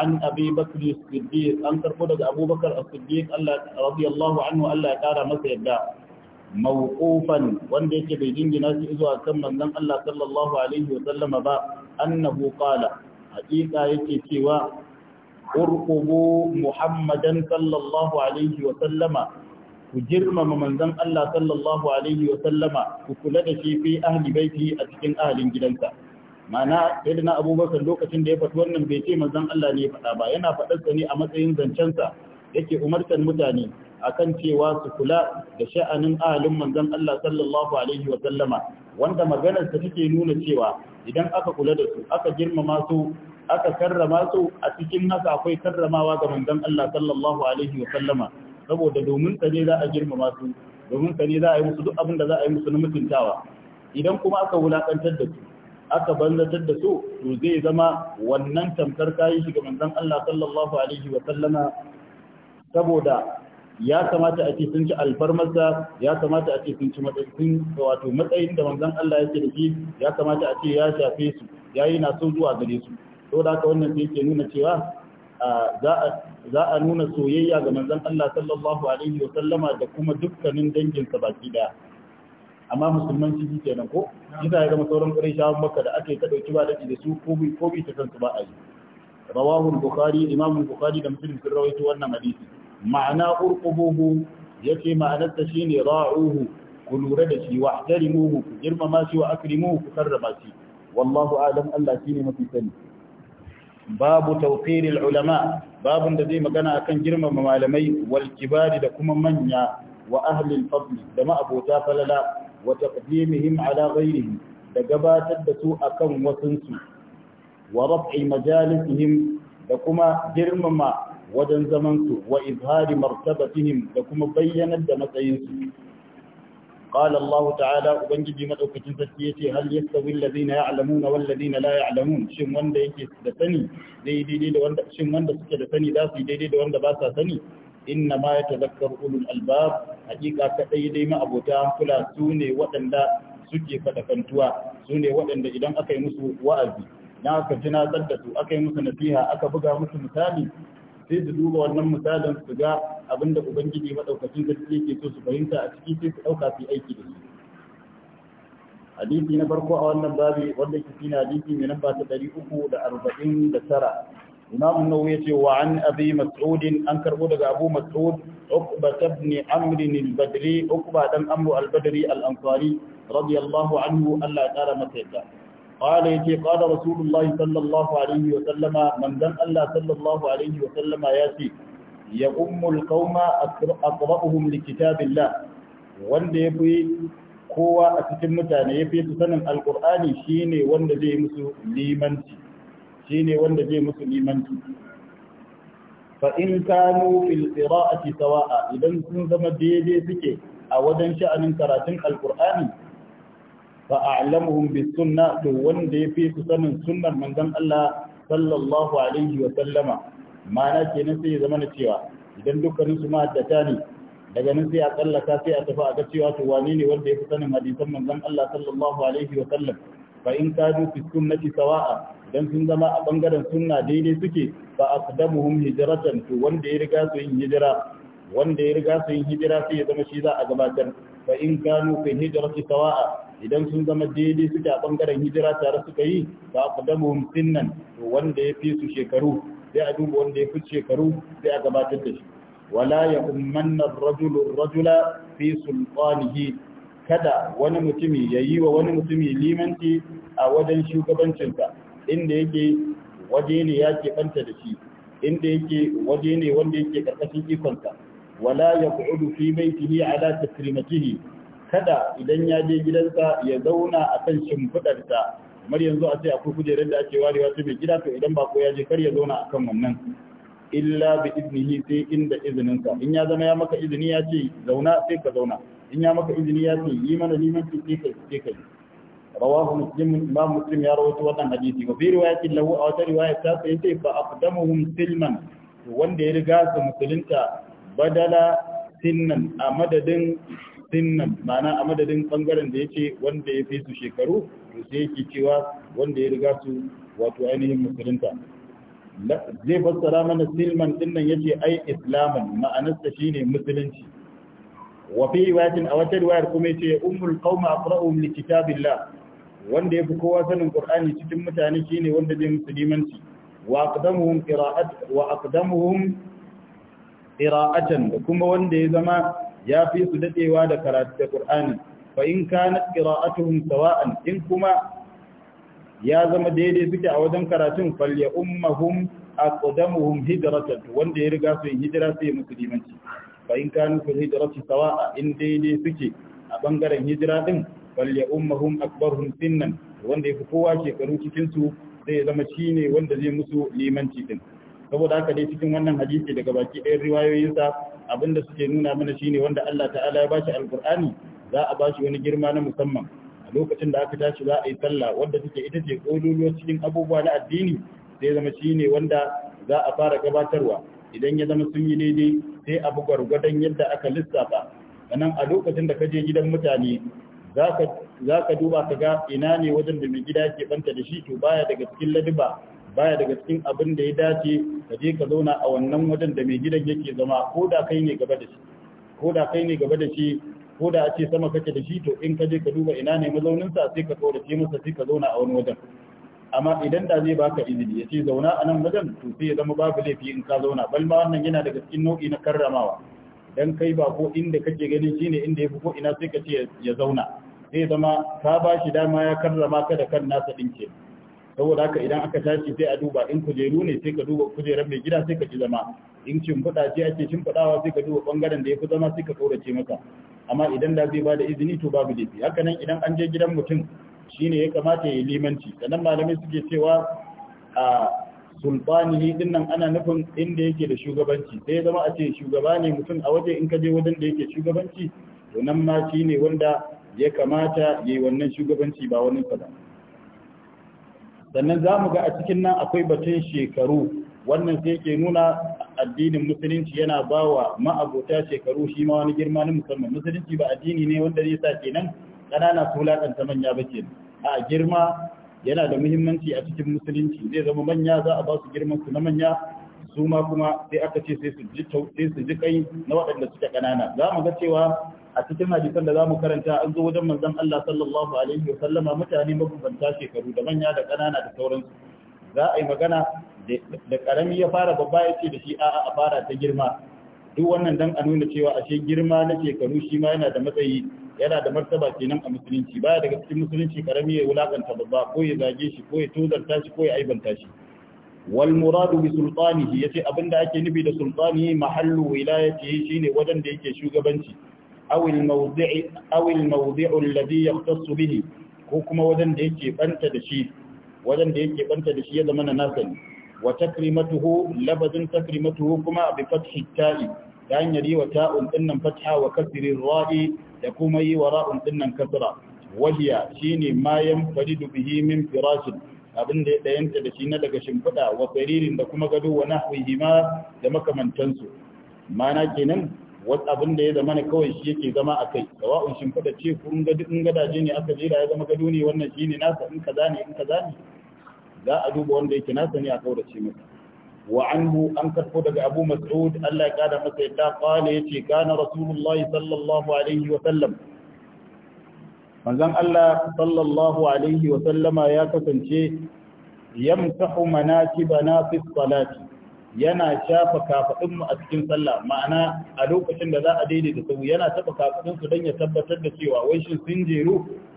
an abi bakr as-siddiq an karbo daga abubakar as-siddiq Allah radiyallahu anhu Allah ya tsara masa yadda mawqufan wanda yake bai jingina shi zuwa kan manzon Allah sallallahu alaihi wa sallama ba annahu qala haqiqa yake cewa urqubu muhammadan sallallahu alaihi wa sallama ku girmama manzon Allah sallallahu alaihi wa sallama ku kula da shi fi ahli baiti a cikin ahalin gidansa mana sayyidina abubakar lokacin da ya faɗi wannan bai ce manzon Allah ne ya faɗa ba yana faɗarsa ne a matsayin zancensa yake umartar mutane akan cewa su kula da sha'anin ahalin manzon Allah sallallahu alaihi wa sallama wanda maganar ta take nuna cewa idan aka kula da su aka girmama su aka karrama su a cikin haka akwai karramawa ga manzon Allah sallallahu alaihi wa sallama saboda domin ka ne za a girmama su domin ka ne za a yi musu duk abin da za a yi musu na mutuntawa idan kuma aka wulakantar da su aka banzatar da su to zai zama wannan tamkar kayi shi ga manzon Allah sallallahu alaihi wa sallama saboda ya kamata a ce sun ci alfarmarsa ya kamata a ce sun ci matsayin wato matsayin da manzon Allah yake da shi ya kamata a ce ya shafe su yayi na so zuwa gare su da haka wannan sai yake nuna cewa za a nuna soyayya ga manzan Allah sallallahu alaihi wa sallama da kuma dukkanin danginsa baki daya amma musulman shi kenan ko kisa ya gama sauran quraishawan makka da aka yi ta dauki ba dadi da su ko bi ko bi ta kansu ba a yi rawahu bukhari imam bukhari da muslim sun rawaito wannan hadisi ma'ana urqubuhu yace ma'anar ta shine ra'uhu ku lura da shi wa ihtarimuhu ku girmama shi wa akrimuhu ku karrama shi wallahu a'lam Allah shine mafi sani babu tawqiril ulama babun da zai magana akan girmama malamai wal kibari da kuma manya wa ahli al-fadl da ma abota falala wa taqdimihim ala ghayrihim da gabatar da su akan su wa raf'i majalisihim da kuma girmama wajen zamansu wa izhari martabatihim da kuma bayyanar da matsayinsu قال ta'ala تعالى ubangiji madaukakin sarki yace hal yastawi alladhina ya'lamuna wal ladina la ya'lamun shin wanda yake da sani daidai da wanda shin wanda suke da sani za su daidai da wanda ba sa sani inna ma yatadhakkaru ulul albab hakika ka daidai ma abota kula su ne waɗanda suke faɗa su sune waɗanda idan aka yi musu wa'azi na aka tunatsar da su aka yi musu nasiha aka buga musu misali sai su duba wannan misalin su ga abin da ubangiji madaukakin gaske yake so su fahimta a ciki sai su ɗauka su aiki da su. hadisi na farko a wannan babi wanda ke shine hadisi mai namba ta 349 imam an-nawawi ya wa an abi mas'ud an karbo daga abu mas'ud uqba ibn amr al-badri uqba dan amru al-badri al-ansari radiyallahu anhu Allah ya kara masa yadda Ƙwale ce, ƙwada Rasulullahi sallallahu Alaihi wasallama, manzan Allah sallallahu Alaihi wasallama ya ce, Ya ƙummul kauma a ƙwa’uhun likitabin la, wanda ya fi kowa a cikin mutane ya fi sanin Al’ur'ani shine wanda zai musu limanci, shi ne wanda zai musu limanci. Fa’in kanu fil idan sun zama daidai suke a wajen sha'anin karatun al'kur'ani. fa a'lamuhum bis sunna to wanda ya fi su sanin sunnar manzon Allah sallallahu alaihi wa sallama ma'ana kenan sai ya zama na cewa idan dukkanin su ma addata ne daga nan sai a tsallaka sai a tafi a ga cewa to wane ne wanda ya fi sanin hadisan manzon Allah sallallahu alaihi wa sallam fa in kadu fi sunnati sawa'a dan sun zama a bangaren sunna daidai suke fa aqdamuhum hijratan to wanda ya riga su yin hijira wanda ya riga su yin hijira sai ya zama shi za a gabatar fa in kanu fi hijrati sawa'a idan sun zama daidai suke a bangaren hijira tare suka yi ba ku da sinnan to wanda ya fi su shekaru sai a duba wanda ya fi shekaru sai a gabatar da shi wala ya ummanna rajulu rajula fi sulqanihi kada wani mutumi ya yi wa wani mutumi limanci a wajen shugabancinsa inda yake waje ne ya keɓanta da shi inda yake waje ne wanda yake karkashin ikonsa wala ya fi baitihi ala takrimatihi kada idan ya je gidansa ya zauna a kan shimfiɗarsa kamar yanzu a ce akwai kujerar da ake warewa su mai gida to idan ba ko ya je kar ya zauna a kan wannan illa bi iznihi sai inda izininsa in ya zama ya maka izini ya ce zauna sai ka zauna in ya maka izini ya ce yi mana limanci sai ka sai ka yi rawahu muslim imam muslim ya rawaito wannan hadisi wa bi riwayatin lahu aw ta riwaya ta sai sai fa aqdamuhum silman wanda ya riga su musulunta badala sinnan a madadin sinnan ma'ana a madadin bangaren da yace wanda ya fi su shekaru to sai yake cewa wanda ya riga su wato ainihin musulunta zai fassara mana silman dinnan yace ai islaman ma'anarsa shine musulunci wa fi riwayatin a wata riwayar kuma yace ummul qauma aqra'uhum li kitabillah wanda yafi kowa sanin qur'ani cikin mutane shine wanda zai musulmanci wa aqdamuhum qira'at wa aqdamuhum qira'atan kuma wanda ya zama ya fi su dadewa da karatu da Qur'ani fa in kanat qira'atuhum sawa'an in kuma ya zama daidai suke a wajen karatun falya ummahum aqdamuhum hijratan wanda ya riga su hijira sai musulmanci fa in kanu fil hijrati sawa'a in daidai suke a bangaren hijira din falya ummahum akbaruhum sinnan wanda fi kowa shekaru cikin su zai zama shine wanda zai musu limanci din saboda haka dai cikin wannan hadisi daga baki ɗayan riwayoyinsa abinda suke nuna mana shine wanda Allah ta'ala ya bashi alqur'ani za a bashi wani girma na musamman a lokacin da aka tashi za a yi sallah wanda take ita ce kololuwa cikin abubuwa na addini sai zama shine wanda za a fara gabatarwa idan ya zama sun yi daidai sai a bi gwargwadon yadda aka lissafa sannan a lokacin da ka je gidan mutane za ka duba ka ga ina ne wajen da mai gida ke banta da shi to baya daga cikin ladiba baya daga cikin abin da ya dace ka je ka zauna a wannan wajen da mai gidan yake zama ko da kai ne gaba da shi ko da kai ne gaba da shi ko da a ce sama kake da shi to in ka je ka duba ina ne mazauninsa sai ka tsorace masa sai ka zauna a wani wajen amma idan da zai baka izini ya ce zauna a nan wajen to sai ya zama babu laifi in ka zauna bal ma wannan yana daga cikin nau'i na karramawa dan kai ba ko inda kake ganin shine inda yafi ko ina sai ka ce ya zauna zai zama ka bashi dama ya karrama ka da kan nasa ɗin kenan saboda haka idan aka tashi sai a duba in kujeru ne sai ka duba kujerar mai gida sai ka ji zama in shimfiɗa ce ake shimfiɗawa sai ka duba ɓangaren da ya fi zama sai ka kaurace maka amma idan da zai ba da izini to babu laifi haka nan idan an je gidan mutum shine ya kamata ya yi limanci sannan malamai suke cewa a sulbani din nan ana nufin inda yake da shugabanci sai ya zama a ce shugaba ne mutum a waje in ka je wajen da yake shugabanci to nan ma shine wanda ya kamata ya yi wannan shugabanci ba wani ba sannan za mu ga a cikin nan akwai batun shekaru wannan sai ke nuna addinin musulunci yana ba wa ma'abota shekaru shi ma wani girma na musamman musulunci ba addini ne wanda zai sa kenan ƙanana su wulaƙanta manya ba a girma yana da muhimmanci a cikin musulunci zai zama manya za a ba su girman su na manya su ma kuma sai aka ce sai su ji kai na waɗanda suka ƙanana za mu ga cewa a cikin hadisan da zamu karanta an zo wajen manzon Allah sallallahu alaihi wa sallama mutane mabambanta shekaru da manya da ƙanana da sauransu za a yi magana da ƙarami ya fara babba ya ce da shi a'a a fara ta girma duk wannan dan a nuna cewa ashe girma na shekaru shi ma yana da matsayi yana da martaba kenan a musulunci baya daga cikin musulunci karami ya wulakanta babba ko ya zage shi ko ya tozarta shi ko ya aibanta shi wal muradu bi sultanihi yace abinda ake nufi da sultani mahallu shi shine wajen da yake shugabanci أو الموضع أو الموضع الذي يختص به ko kuma wajen da yake banta da banta da shi ya zama na nasa ne wa takrimatuhu labazin takrimatuhu kuma bi fathi ta'i ta hanyar yi wa ta'un dinnan fatha wa kasirin ra'i da kuma yi wa ra'un dinnan kasra wahiya shine ma yanfaridu bihi min firashin abin da ya dayanta da shi na daga shimfiɗa wa tsaririn da kuma gado wa nahwihi ma da makamantansu mana kenan wasu abin da ya zama ne kawai shi yake zama a kai sawa'un shimfiɗa ce kun ga in gadaje ne aka jera ya zama gado ne wannan shi ne nasa in kaza ne in kaza ne za a duba wanda yake nasa ne a kaurace masa wa an bu an karfo daga Abu Mas'ud Allah ya kada masa yadda kwale ya ce kana Rasulullahi sallallahu alaihi wa sallam manzon Allah sallallahu alaihi wa sallama ya kasance yamsahu manakibana fi salati yana shafa kafadun mu a cikin sallah ma'ana a lokacin da za a daidaita sau yana taba kafadun su dan ya tabbatar da cewa wai shin sun jeru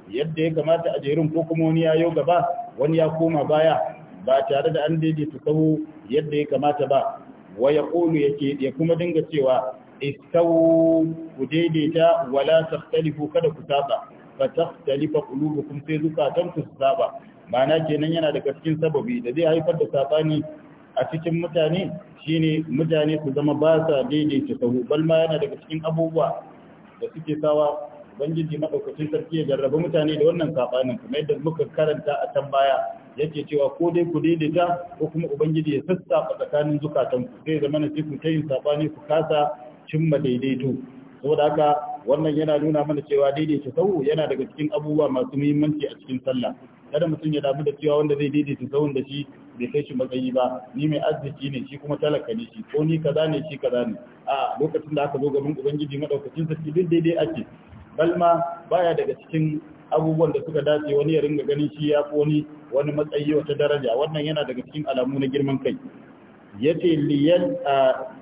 yadda ya kamata a jerun ko kuma wani yayo gaba wani ya koma baya ba tare da an daidaita sau yadda ya kamata ba wa ya yake ya kuma dinga cewa istau ku daidaita wala takhtalifu kada ku saba fa takhtalifa qulubukum sai zukatan ku saba ma'ana kenan yana daga cikin sababi da zai haifar da sabani a cikin mutane shine mutane su zama ba sa daidaita sahu balma yana daga cikin abubuwa da suke sawa ubangiji madaukakin sarki ya jarraba mutane da wannan sabanin kuma yadda muka karanta a can baya yake cewa ko dai ku daidaita ko kuma ubangiji ya sassafa tsakanin zukatan ku zai zama na ku ta yin sabani ku kasa cimma daidaito saboda haka wannan yana nuna mana cewa daidaita sahu yana daga cikin abubuwa masu muhimmanci a cikin sallah kada mutum ya damu da cewa wanda zai daidaita sahun da shi bai kai shi matsayi ba ni mai arziki ne shi kuma talaka ne shi ko ni kaza ne shi kaza ne a lokacin da aka zo gaban ubangiji madaukakin sarki duk daidai ake balma baya daga cikin abubuwan da suka dace wani ya ringa ganin shi ya fi wani wani matsayi wata daraja wannan yana daga cikin alamu na girman kai yace liyal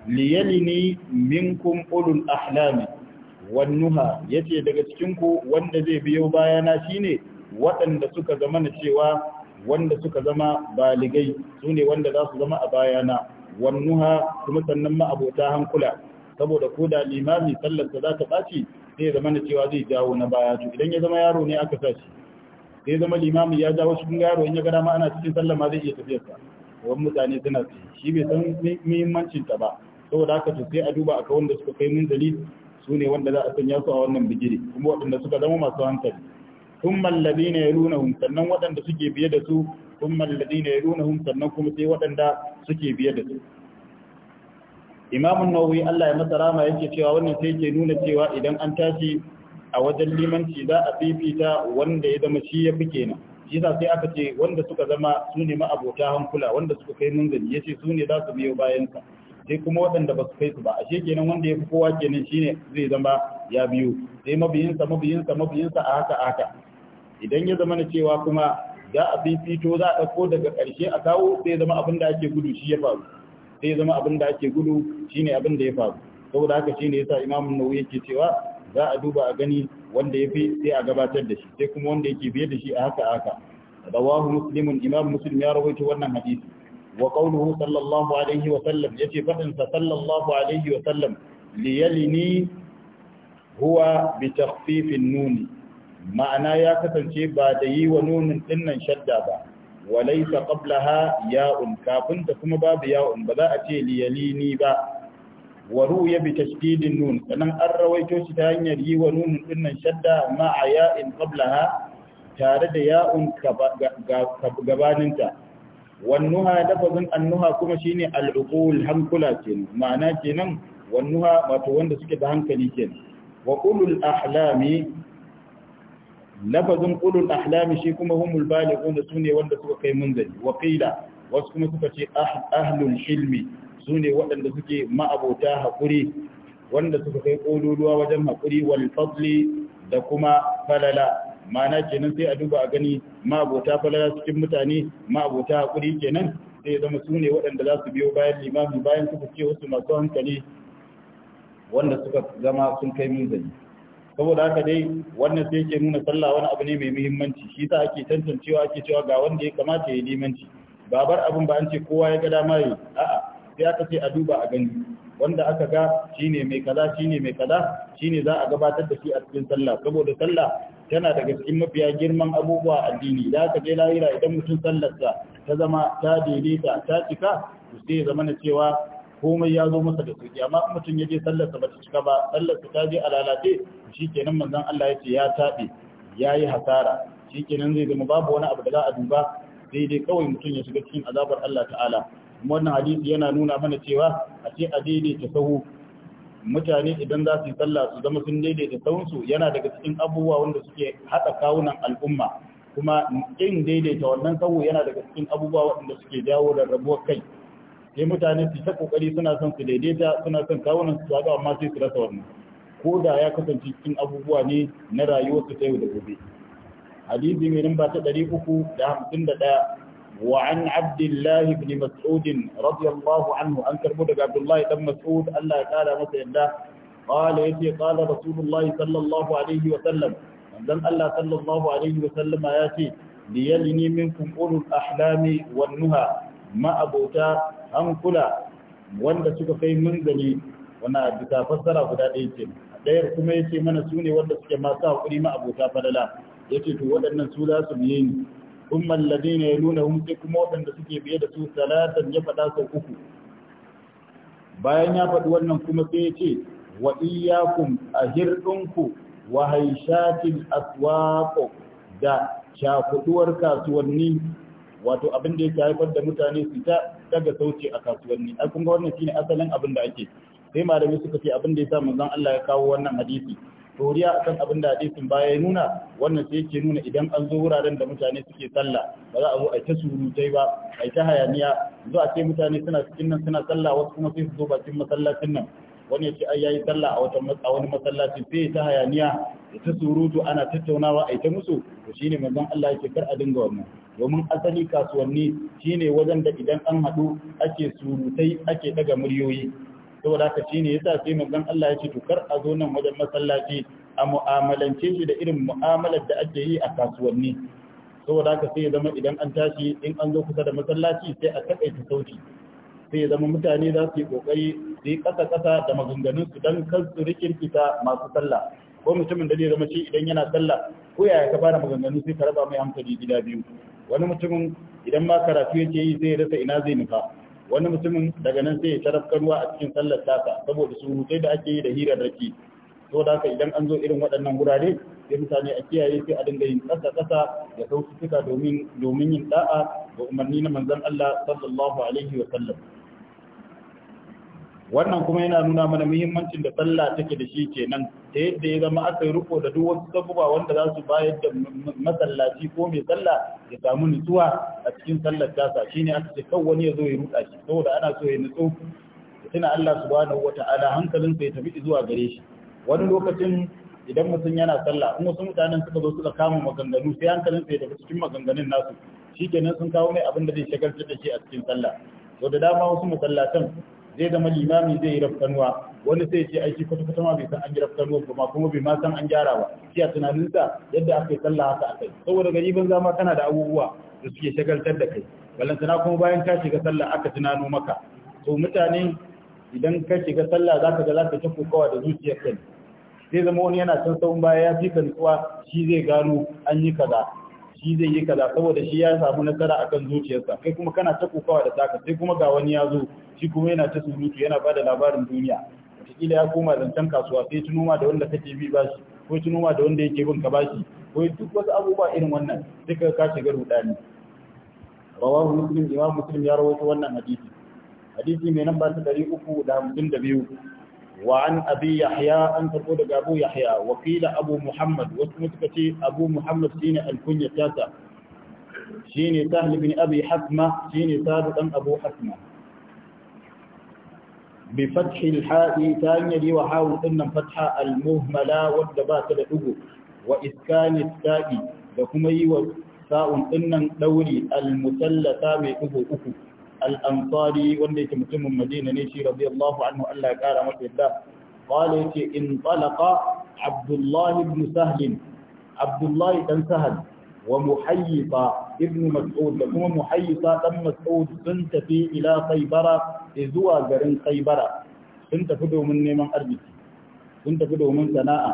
liyalini minkum ulul ahlami wannuha nuha yace daga cikin ku wanda zai biyo bayana shine waɗanda suka zamana cewa wanda suka zama baligai su ne wanda za su zama a bayana wannuha kuma sannan ma'abota hankula saboda ko da limami sallarsa za ta ɓaci sai ya zama na cewa zai jawo na baya to idan ya zama yaro ne aka sashi sai zama limami ya jawo cikin yaro in ya gada ma ana cikin sallar ma zai iya tafiyarsa wani mutane suna ci shi bai san muhimmancin ta ba saboda haka to sai a duba akan wanda suka kai mun dalil su ne wanda za a sanya su a wannan bigire kuma waɗanda suka zama masu hankali ثم الذين يلونهم sannan waɗanda suke biye da su ثم الذين يلونهم sannan kuma sai waɗanda suke biye da su Imam nawawi Allah ya masa rama yake cewa wannan sai yake nuna cewa idan an tashi a wajen limanci za a fifita wanda ya zama shi ya fi kenan shi yasa sai aka ce wanda suka zama su ne ma'abota hankula wanda suka kai mun gani yace su ne za su biyo bayan sa sai kuma waɗanda ba su kai su ba ashe kenan wanda ya fi kowa kenan shine zai zama ya biyo sai mabiyinsa mabiyinsa mabiyinsa a haka a haka idan ya zama na cewa kuma za a fifito za a ɗauko daga ƙarshe a kawo sai zama abin da ake gudu shi ya faru sai zama abin da ake gudu shi ne abin da ya faru saboda haka shi ne shine yasa imamun nawawi yake cewa za a duba a gani wanda ya fi sai a gabatar da shi sai kuma wanda yake biye da shi a haka haka rawahu muslimun imam muslim ya rawaito wannan hadisi wa qawluhu sallallahu alaihi wa sallam yace fadin sa sallallahu alaihi wa sallam liyalini huwa bi takhfifin nuni ma'ana ya kasance ba da yi wa nunin dinnan shadda ba walaisa qablaha ya'un kafin ta kuma babu ya'un ba za a ce liyalini ba waru ya bi tashdidin nun sanan an rawaito shi ta hanyar yi wa nunin dinnan shadda a ya'in qablaha tare da ya'un gabaninta wannuha lafazin annuha kuma shine al'uqul hankula kenan ma'ana kenan wannuha wato wanda suke da hankali kenan wa ulul ahlami lafazin ulul ahlami shi kuma humul balighun su sune wanda suka kai munzali wa qila wasu kuma suka ce ah, ahlul ilmi sune waɗanda suke ma'abota hakuri wanda suka kai kololuwa wajen hakuri wal fadli da kuma falala ma'ana kenan sai a duba a gani ma'abota falala cikin mutane ma'abota hakuri kenan sai zama sune waɗanda za su biyo bayan limami bayan suka ce wasu masu hankali wanda suka zama sun kai munzali saboda haka dai wannan sai yake nuna sallah wani abu ne mai muhimmanci shi sa ake tantancewa ake cewa ga wanda ya kamata ya limanci ba bar abin ba an ce kowa ya ga dama a'a sai aka ce a duba a gani wanda aka ga shine mai kaza shine mai kaza shine za a gabatar da shi a cikin sallah saboda sallah tana daga cikin mafiya girman abubuwa addini da aka je lahira idan mutum sallarsa ta zama ta daidaita ta cika to sai ya zama na cewa komai ya zo masa da sauki amma mutum ya je sallarsa ba ta cika ba sallarsa ta je a lalace shikenan manzon Allah ya ce ya tabe yayi hasara shikenan zai zama babu wani abu da za a duba sai dai kawai mutum ya shiga cikin azabar Allah ta'ala wannan hadisi yana nuna mana cewa a ce a daidaita sahu mutane idan za su yi sallah su zama sun daidaita su yana daga cikin abubuwa wanda suke haɗa kawunan al'umma kuma in daidaita wannan sahu yana daga cikin abubuwa wanda suke jawo rarrabuwar kai sai mutane su ta kokari suna son su daidaita suna son kawunan su haɗu amma sai su rasa wannan ko da ya kasance cikin abubuwa ne na rayuwar su ta yau da gobe hadisi mai namba ta ɗari uku da hamsin da ɗaya wa an abdullahi ibn mas'ud radiyallahu anhu an karbo daga abdullahi dan mas'ud Allah ya kara masa yadda qala yace qala rasulullahi sallallahu alaihi wa sallam dan Allah sallallahu alaihi wa sallama yace liyalini minkum ulul ahlami wan nuha ma'abota an kula wanda suka kai gani wana bisa fassara guda ɗaya ce ɗayar kuma yace mana su ne wanda suke masu hakuri ma'abota falala yace to waɗannan su za su biye ni kuma alladina yalunahum sai kuma waɗanda suke biye da su salatan ya faɗa sau uku bayan ya faɗi wannan kuma sai yace wa iyyakum ahirdunku wa hayshatil aswaq da shafuduwar kasuwanni wato abin da yake haifar da mutane su ta daga sauci a kasuwanni ai kun ga wannan shine asalin abin da ake sai malami suka ce abin da ya yasa manzon Allah ya kawo wannan hadisi doriya akan abin da hadisin baya ya nuna wannan sai yake nuna idan an zo wuraren da mutane suke sallah ba za a zo a ta surutai ba a ta hayaniya zo a ce mutane suna cikin nan suna sallah wasu kuma sai su zo bakin masallacin nan wani ya ce ai yayi sallah a wani masallaci sai ta hayaniya da ta surutu ana tattaunawa a ita musu to shine manzon Allah yake kar a dinga wannan domin asali kasuwanni shine wajen da idan an haɗu ake surutai ake daga muryoyi saboda haka shine yasa sai manzon Allah ya to kar a zo nan wajen masallaci a mu'amalance shi da irin mu'amalar da ake yi a kasuwanni saboda haka sai ya zama idan an tashi in an zo kusa da masallaci sai a takaita sauti sai zama mutane za su yi kokari su yi kasa kasa da maganganun su dan kan su fita masu sallah ko mutumin da zai zama shi idan yana sallah ko yaya ka fara maganganu sai ka raba mai hankali gida biyu wani mutumin idan ma karatu yake yi zai rasa ina zai nufa wani mutumin daga nan sai ya tarafka a cikin sallar tasa saboda surutai da ake yi da hirarraki so da haka idan an zo irin waɗannan wurare sai mutane a kiyaye sai a dinga yin ƙasa ƙasa da sautuka domin domin yin da'a ga umarni na manzon Allah sallallahu alaihi wa sallam wannan kuma yana nuna mana muhimmancin da sallah take da shi kenan ta yadda ya zama aka yi riko da duk wasu sabuwa wanda za su bayar da masallaci ko mai sallah ya samu nutsuwa a cikin sallar tasa shi ne aka ce kawai wani ya zo ya ruɗa shi saboda ana so ya nutsu da tuna Allah subhanahu wata'ala hankalinsa ya tafi zuwa gare shi wani lokacin idan mutum yana sallah in wasu mutanen suka zo suka kama maganganu sai hankalinsa ya tafi cikin maganganun nasu shi kenan sun kawo mai abin da zai shagaltar da shi a cikin sallah Wadda da dama wasu masallatan zai zama limami zai yi rafkanuwa wani sai ce aiki kwata kwata ma bai san an yi rafkanuwa ba ma kuma bai ma san an gyara ba shi a tunaninsa yadda aka yi sallah haka a kai saboda gari ban zama kana da abubuwa da suke shagaltar da kai balantana kuma bayan ka shiga sallah aka tunano maka to mutane idan ka shiga sallah za ka ga za ka ta kokawa da zuciyar kai zai zama wani yana can sauran baya ya fi shi zai gano an yi kaza shi zai yi kaza saboda shi ya samu nasara akan zuciyarsa kai kuma kana ta kokawa da taka sai kuma ga wani ya zo shi kuma yana ta surutu yana ba da labarin duniya wataƙila ya koma zancen kasuwa sai tuno ma da wanda kake bi bashi ko tuno ma da wanda yake bin ka bashi ko duk wasu abubuwa irin wannan sai ka kashe ga rudani rawahu muslim imam muslim ya rawaito wannan hadisi hadisi mai nan ba ta 352 وعن أبي يحيى أن تقول أبو يحيى وقيل أبو محمد وسمتك أبو محمد سين الكنية تاسع شين سهل بن أبي حسمة شين ثابت أبو حسمة بفتح الحاء ثانية لي وحاول أن فتح المهملة والدبات لأبو وإسكان التاء لكم أيوة ساء أن دوري المثلثة من أبو أكو al-ansari wanda yake mutumin madina ne shi allahu anhu Allah ya kara masa yadda qala yace in talaqa abdullahi ibn sahlin abdullahi dan sahad wa muhayyifa ibn mas'ud da kuma muhayyifa dan mas'ud sun tafi ila khaybara zuwa garin khaybara sun tafi domin neman arziki sun tafi domin sana'a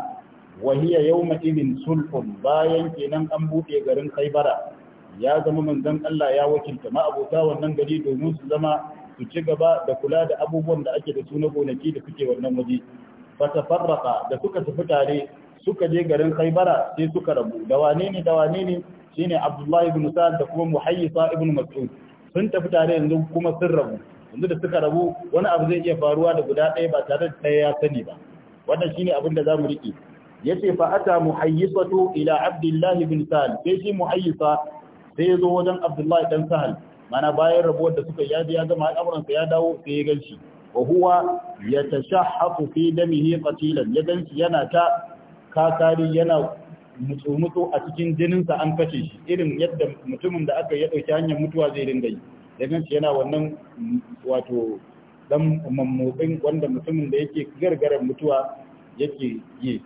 wahiya yau yawma sulhun bayan kenan an buɗe garin kaibara ya zama manzon Allah ya wakilta ma'abota wannan gari domin su zama su ci gaba da kula da abubuwan da ake da su na gonaki da suke wannan waje tafarraqa da suka tafi tare suka je garin Khaybara sai suka rabu da wane ne da wane ne shine Abdullah ibn Sa'd da kuma Muhayyisa ibn Mas'ud sun tafi tare yanzu kuma sun rabu yanzu da suka rabu wani abu zai iya faruwa da guda ɗaya ba tare da ɗaya ya sani ba wannan shine abin da zamu rike yace fa ata muhayyisatu ila Abdullahi ibn Sa'd sai shi Muhayyisa sai ya zo wajen abdullahi dan sahal mana bayan rabuwar da suka yaji ya gama al'amuransa ya dawo sai ya ganshi wa huwa yatashahhaqu fi damihi qatilan ya ganshi yana ta kakari yana mutsumutsu a cikin jininsa an kace shi irin yadda mutumin da aka ya dauki hanyar mutuwa zai dinga yi ya ganshi yana wannan wato dan mammobin wanda mutumin da yake gargaran mutuwa yake yi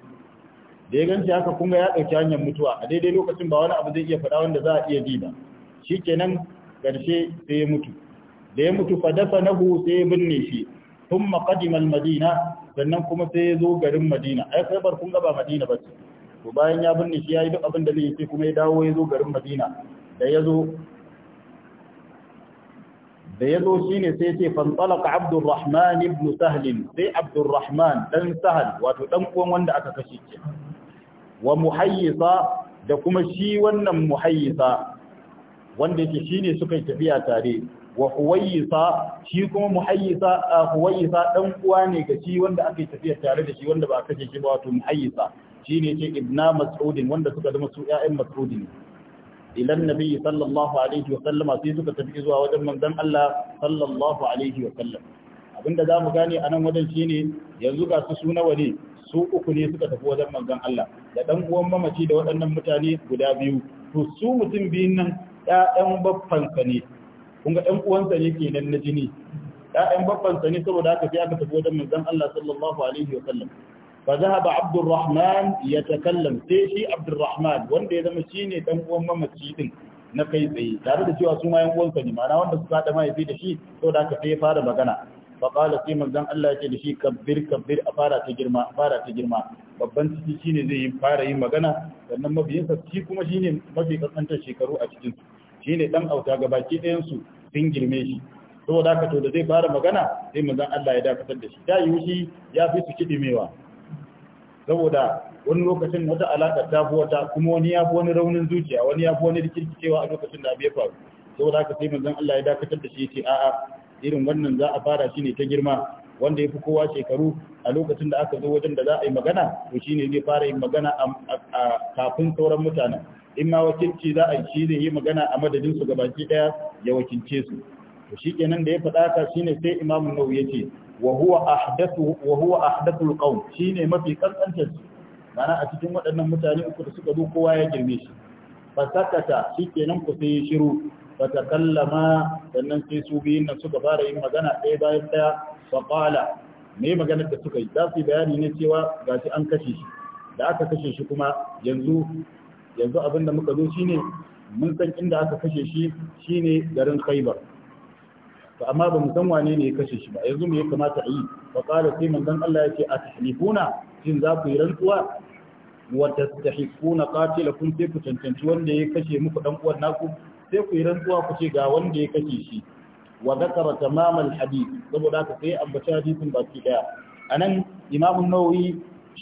da ya ganci haka kunga ya ɗauki hanyar mutuwa a daidai lokacin ba wani abu zai iya faɗa wanda za a iya ji ba shi kenan ƙarshe sai ya mutu da ya mutu fadafa nahu sai ya binne shi tun maƙadimal madina sannan kuma sai ya zo garin madina ai bar kun ba madina ba ce to bayan ya binne shi ya yi duk abin da zai sai kuma ya dawo ya zo garin madina da ya zo da ya zo shi ne sai ce fantsalaka abdurrahman ibn sahlin sai abdurrahman dan sahal wato dan kuwan wanda aka kashe ke wa muhayyisa da kuma shi wannan muhayyisa wanda yake shi ne suka yi tafiya tare wa huwayyisa shi kuma muhayyisa huwayyisa ɗan kuwa ne ga shi wanda aka yi tafiya tare da shi wanda ba a kashe shi ba wato muhayyisa shi ne ce ibna mas'udin wanda suka zama su ƴaƴan mas'udin ne ila annabi sallallahu alaihi wa sallam sai suka tafi zuwa wajen manzon Allah sallallahu alaihi wa sallam abinda zamu gane anan wajen shine yanzu ga su suna ne su uku ne suka tafi wajen manzon Allah da dan uwan mamaci da waɗannan mutane guda biyu to su mutum biyun nan ƴaƴan baffansa ne kun ga ɗan uwansa ne kenan na jini ‘ya'yan babbansa ne saboda haka sai aka tafi wajen manzon Allah sallallahu alaihi wa sallam فذهب عبد الرحمن يتكلم تيشي عبد الرحمن wanda ya zama shine dan uwan mamaci din na kai tsaye tare da cewa su ma yan uwansa ne mana wanda suka da mahaifi da shi to da ka fi fara magana fa qala sai manzon Allah yake da shi kabbir kabbir a fara ta girma fara ta girma babban ciki shine zai fara yin magana sannan mabiyinsa shi kuma shine mafi kasantar shekaru a cikin su shine dan auta gabaki ɗayan su sun girme shi da haka to da zai fara magana sai manzon Allah ya dakatar da shi da yushi ya fi su kidimewa saboda wani lokacin wata alaƙa ta fi wata kuma wani ya fi wani raunin zuciya wani ya fi wani rikirkicewa a lokacin da abu ya faru saboda haka sai manzon Allah ya dakatar da shi ce a'a irin wannan za a fara shi ne ta girma wanda ya fi kowa shekaru a lokacin da aka zo wajen da za a yi magana to shi ne zai fara yin magana a kafin sauran mutanen in ma wakilci za a yi shi zai yi magana a madadin su gabaki daya ya wakilce su to shi kenan da ya faɗa ka ne sai imamu nau ya ce wa huwa ahdathu wa huwa ahdathul shine mafi kankanta su mana a cikin waɗannan mutane uku da suka zo kowa ya girme shi fasakata shi shikenan ku sai shiru fatakallama sannan sai su biyun nan suka fara yin magana ɗaya bayan ɗaya fa qala me maganar da suka yi za su yi bayani ne cewa gashi an kashe shi da aka kashe shi kuma yanzu yanzu muka zo shine mun san inda aka kashe shi shine garin Khaibar to amma ba mu san wane ne ya kashe shi ba yanzu me ya kamata a yi fa qala sai manzon Allah yace a tahlifuna shin za ku yi rantsuwa wa tastahiquna qatilakum sai ku cancanci wanda ya kashe muku dan uwar naku sai ku yi rantsuwa ku ce ga wanda ya kashe shi wa zakara tamamal hadith saboda ka sai ambaci hadisin baki daya anan imam an-nawawi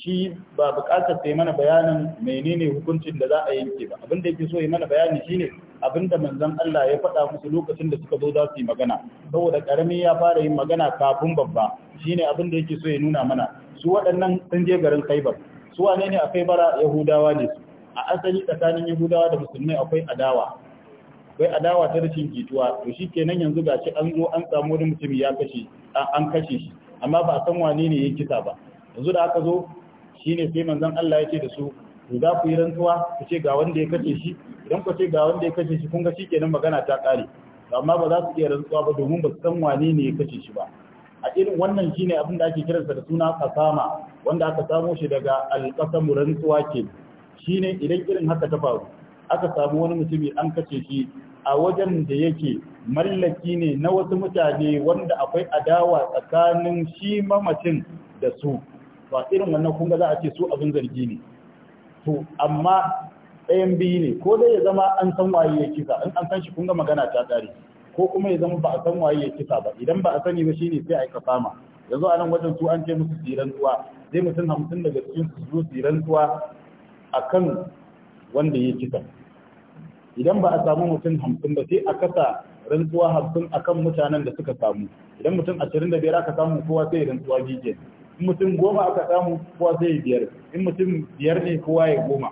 shi ba buƙatar sai mana bayanin menene hukuncin da za a yanke ba abin da yake so ya mana bayani shine abinda manzon Allah ya faɗa musu lokacin da suka zo za su yi magana saboda karami ya fara yin magana kafin babba shine abinda yake so ya nuna mana su waɗannan sun je garin Khaibar su wane ne a Khaibar Yahudawa ne su a asali tsakanin Yahudawa da musulmai akwai adawa akwai adawa ta rashin jituwa to shikenan yanzu gashi an zo an samu wani mutum ya kashe an kashe shi amma ba a san wane ne ya kisa ba yanzu da aka zo shine sai manzon Allah ya ce da su ku za ku yi rantsuwa ku ce ga wanda ya kace shi idan ku ce ga wanda ya kashe shi kun ga shikenan magana ta kare amma ba za su iya rantsuwa ba domin ba su san wane ne ya kashe shi ba a irin wannan shine abin da ake kiransa da suna kasama wanda aka samo shi daga alqasamu rantsuwa ke shine idan irin haka ta faru aka samu wani mutumi an kashe shi a wajen da yake mallaki ne na wasu mutane wanda akwai adawa tsakanin shi mamacin da su ba irin wannan kunga za a ce su abin zargi ne to amma ɗayan biyu ne ko dai ya zama an san waye ya kisa in an san shi kun ga magana ta ƙare ko kuma ya zama ba a san waye ya kisa ba idan ba a sani ba shine sai a yi kasama yanzu a nan wajen su an ce musu tsiran tuwa zai mutum hamsin daga cikin su zo tsiran tuwa a kan wanda ya kisa idan ba a samu mutum hamsin ba sai a kasa rantsuwa hamsin a kan mutanen da suka samu idan mutum ashirin da biyar aka samu kowa sai rantsuwa biyu in mutum goma aka samu kowa sai biyar in mutum biyar ne kowa ya goma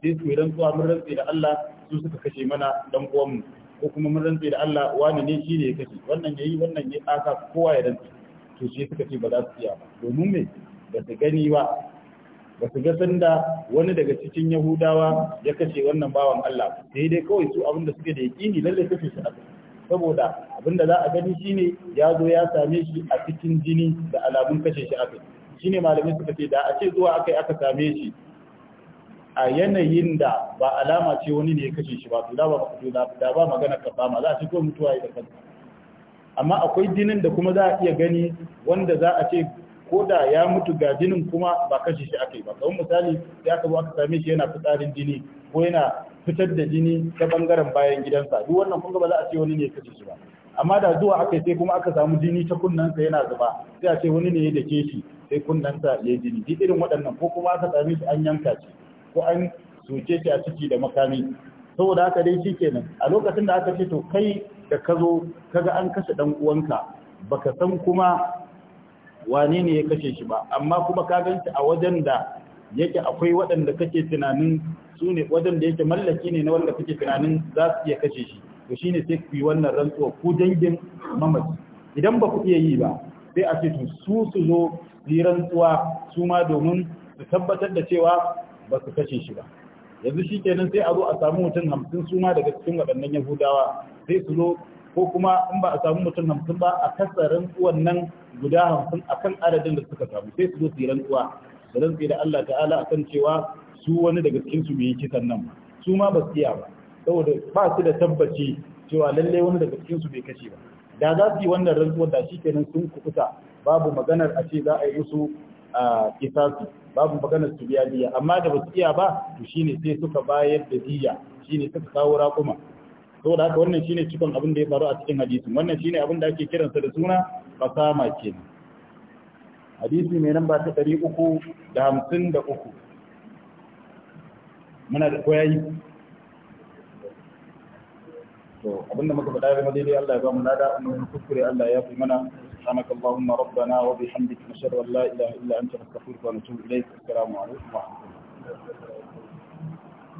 sai su rantsuwa mun rantsi da Allah su suka kashe mana dan uwan mu ko kuma mun rantsi da Allah wani ne shi ne ya kashe wannan yayi wannan ya aka kowa ya rantsi to shi suka ce ba za su iya ba domin me ba su gani ba ba su ga sanda wani daga cikin yahudawa ya kashe wannan bawan Allah sai dai kawai su abinda suke da yakini lalle kashe shi saboda abinda za a gani shine ya zo ya same shi a cikin jini da alamun kashe shi kai shine malamin suka ce da a ce zuwa akai aka same shi a yanayin da ba alama ce wani ne ya kashe shi ba da ba da ba magana ka fama za a ci ko mutuwa ya kanka amma akwai jinin da kuma za a iya gani wanda za a ce ko da ya mutu ga jinin kuma ba kashe shi akai ba kamar misali sai aka ba aka same shi yana fitsarin jini ko yana fitar da jini ta bangaren bayan gidansa duk wannan kun ga ba za a ce wani ne ya kashe shi ba amma da zuwa akai sai kuma aka samu jini ta kunnansa yana zuba sai a ce wani ne ya dake shi sai kunnansa ya jini duk irin waɗannan ko kuma aka same shi an yanka shi ko an soke shi a ciki da makami saboda haka dai shi kenan a lokacin da aka ce to kai da ka zo kaga an kashe dan uwanka baka san kuma wane ne ya kashe shi ba amma kuma ka ganci a wajen da yake akwai waɗanda kake tunanin su ne wajen da yake mallaki ne na wanda kake tunanin za su iya kashe shi to shine sai ku yi wannan rantsuwa ku dangin mamaci idan ba ku iya yi ba sai a ce to su su zo yi rantsuwa su ma domin su tabbatar da cewa ba su kashe shi ba yanzu shi kenan sai a zo a samu mutum hamsin suna daga cikin waɗannan yahudawa sai su zo ko kuma in ba a samu mutum hamsin ba a kasarin wannan guda hamsin akan adadin da suka samu sai su zo su yi rantsuwa da rantsi da Allah ta'ala akan cewa su wani daga cikin su bai kisan nan su ma ba su iya ba saboda ba su da tabbaci cewa lallai wani daga cikin su bai kashe ba da za su yi wannan rantsuwar da shi kenan sun kukuta babu maganar a ce za a yi musu kisasu babu maganar su biya diya amma da ba su iya ba to shine sai suka bayar da diya shine suka kawo raƙuma saboda haka wannan shine cikon abin da ya faru a cikin hadisin wannan shine abin da ake kiransa da suna fasama kenan hadisi mai namba ta 353 muna da koyayi to abinda muka faɗa ya zama daidai Allah ya ba mu lada annabi kuskure Allah ya fi mana سبحانك اللهم ربنا وبحمدك نشهد أن لا إله إلا أنت نستغفرك ونتوب إليك السلام عليكم ورحمة الله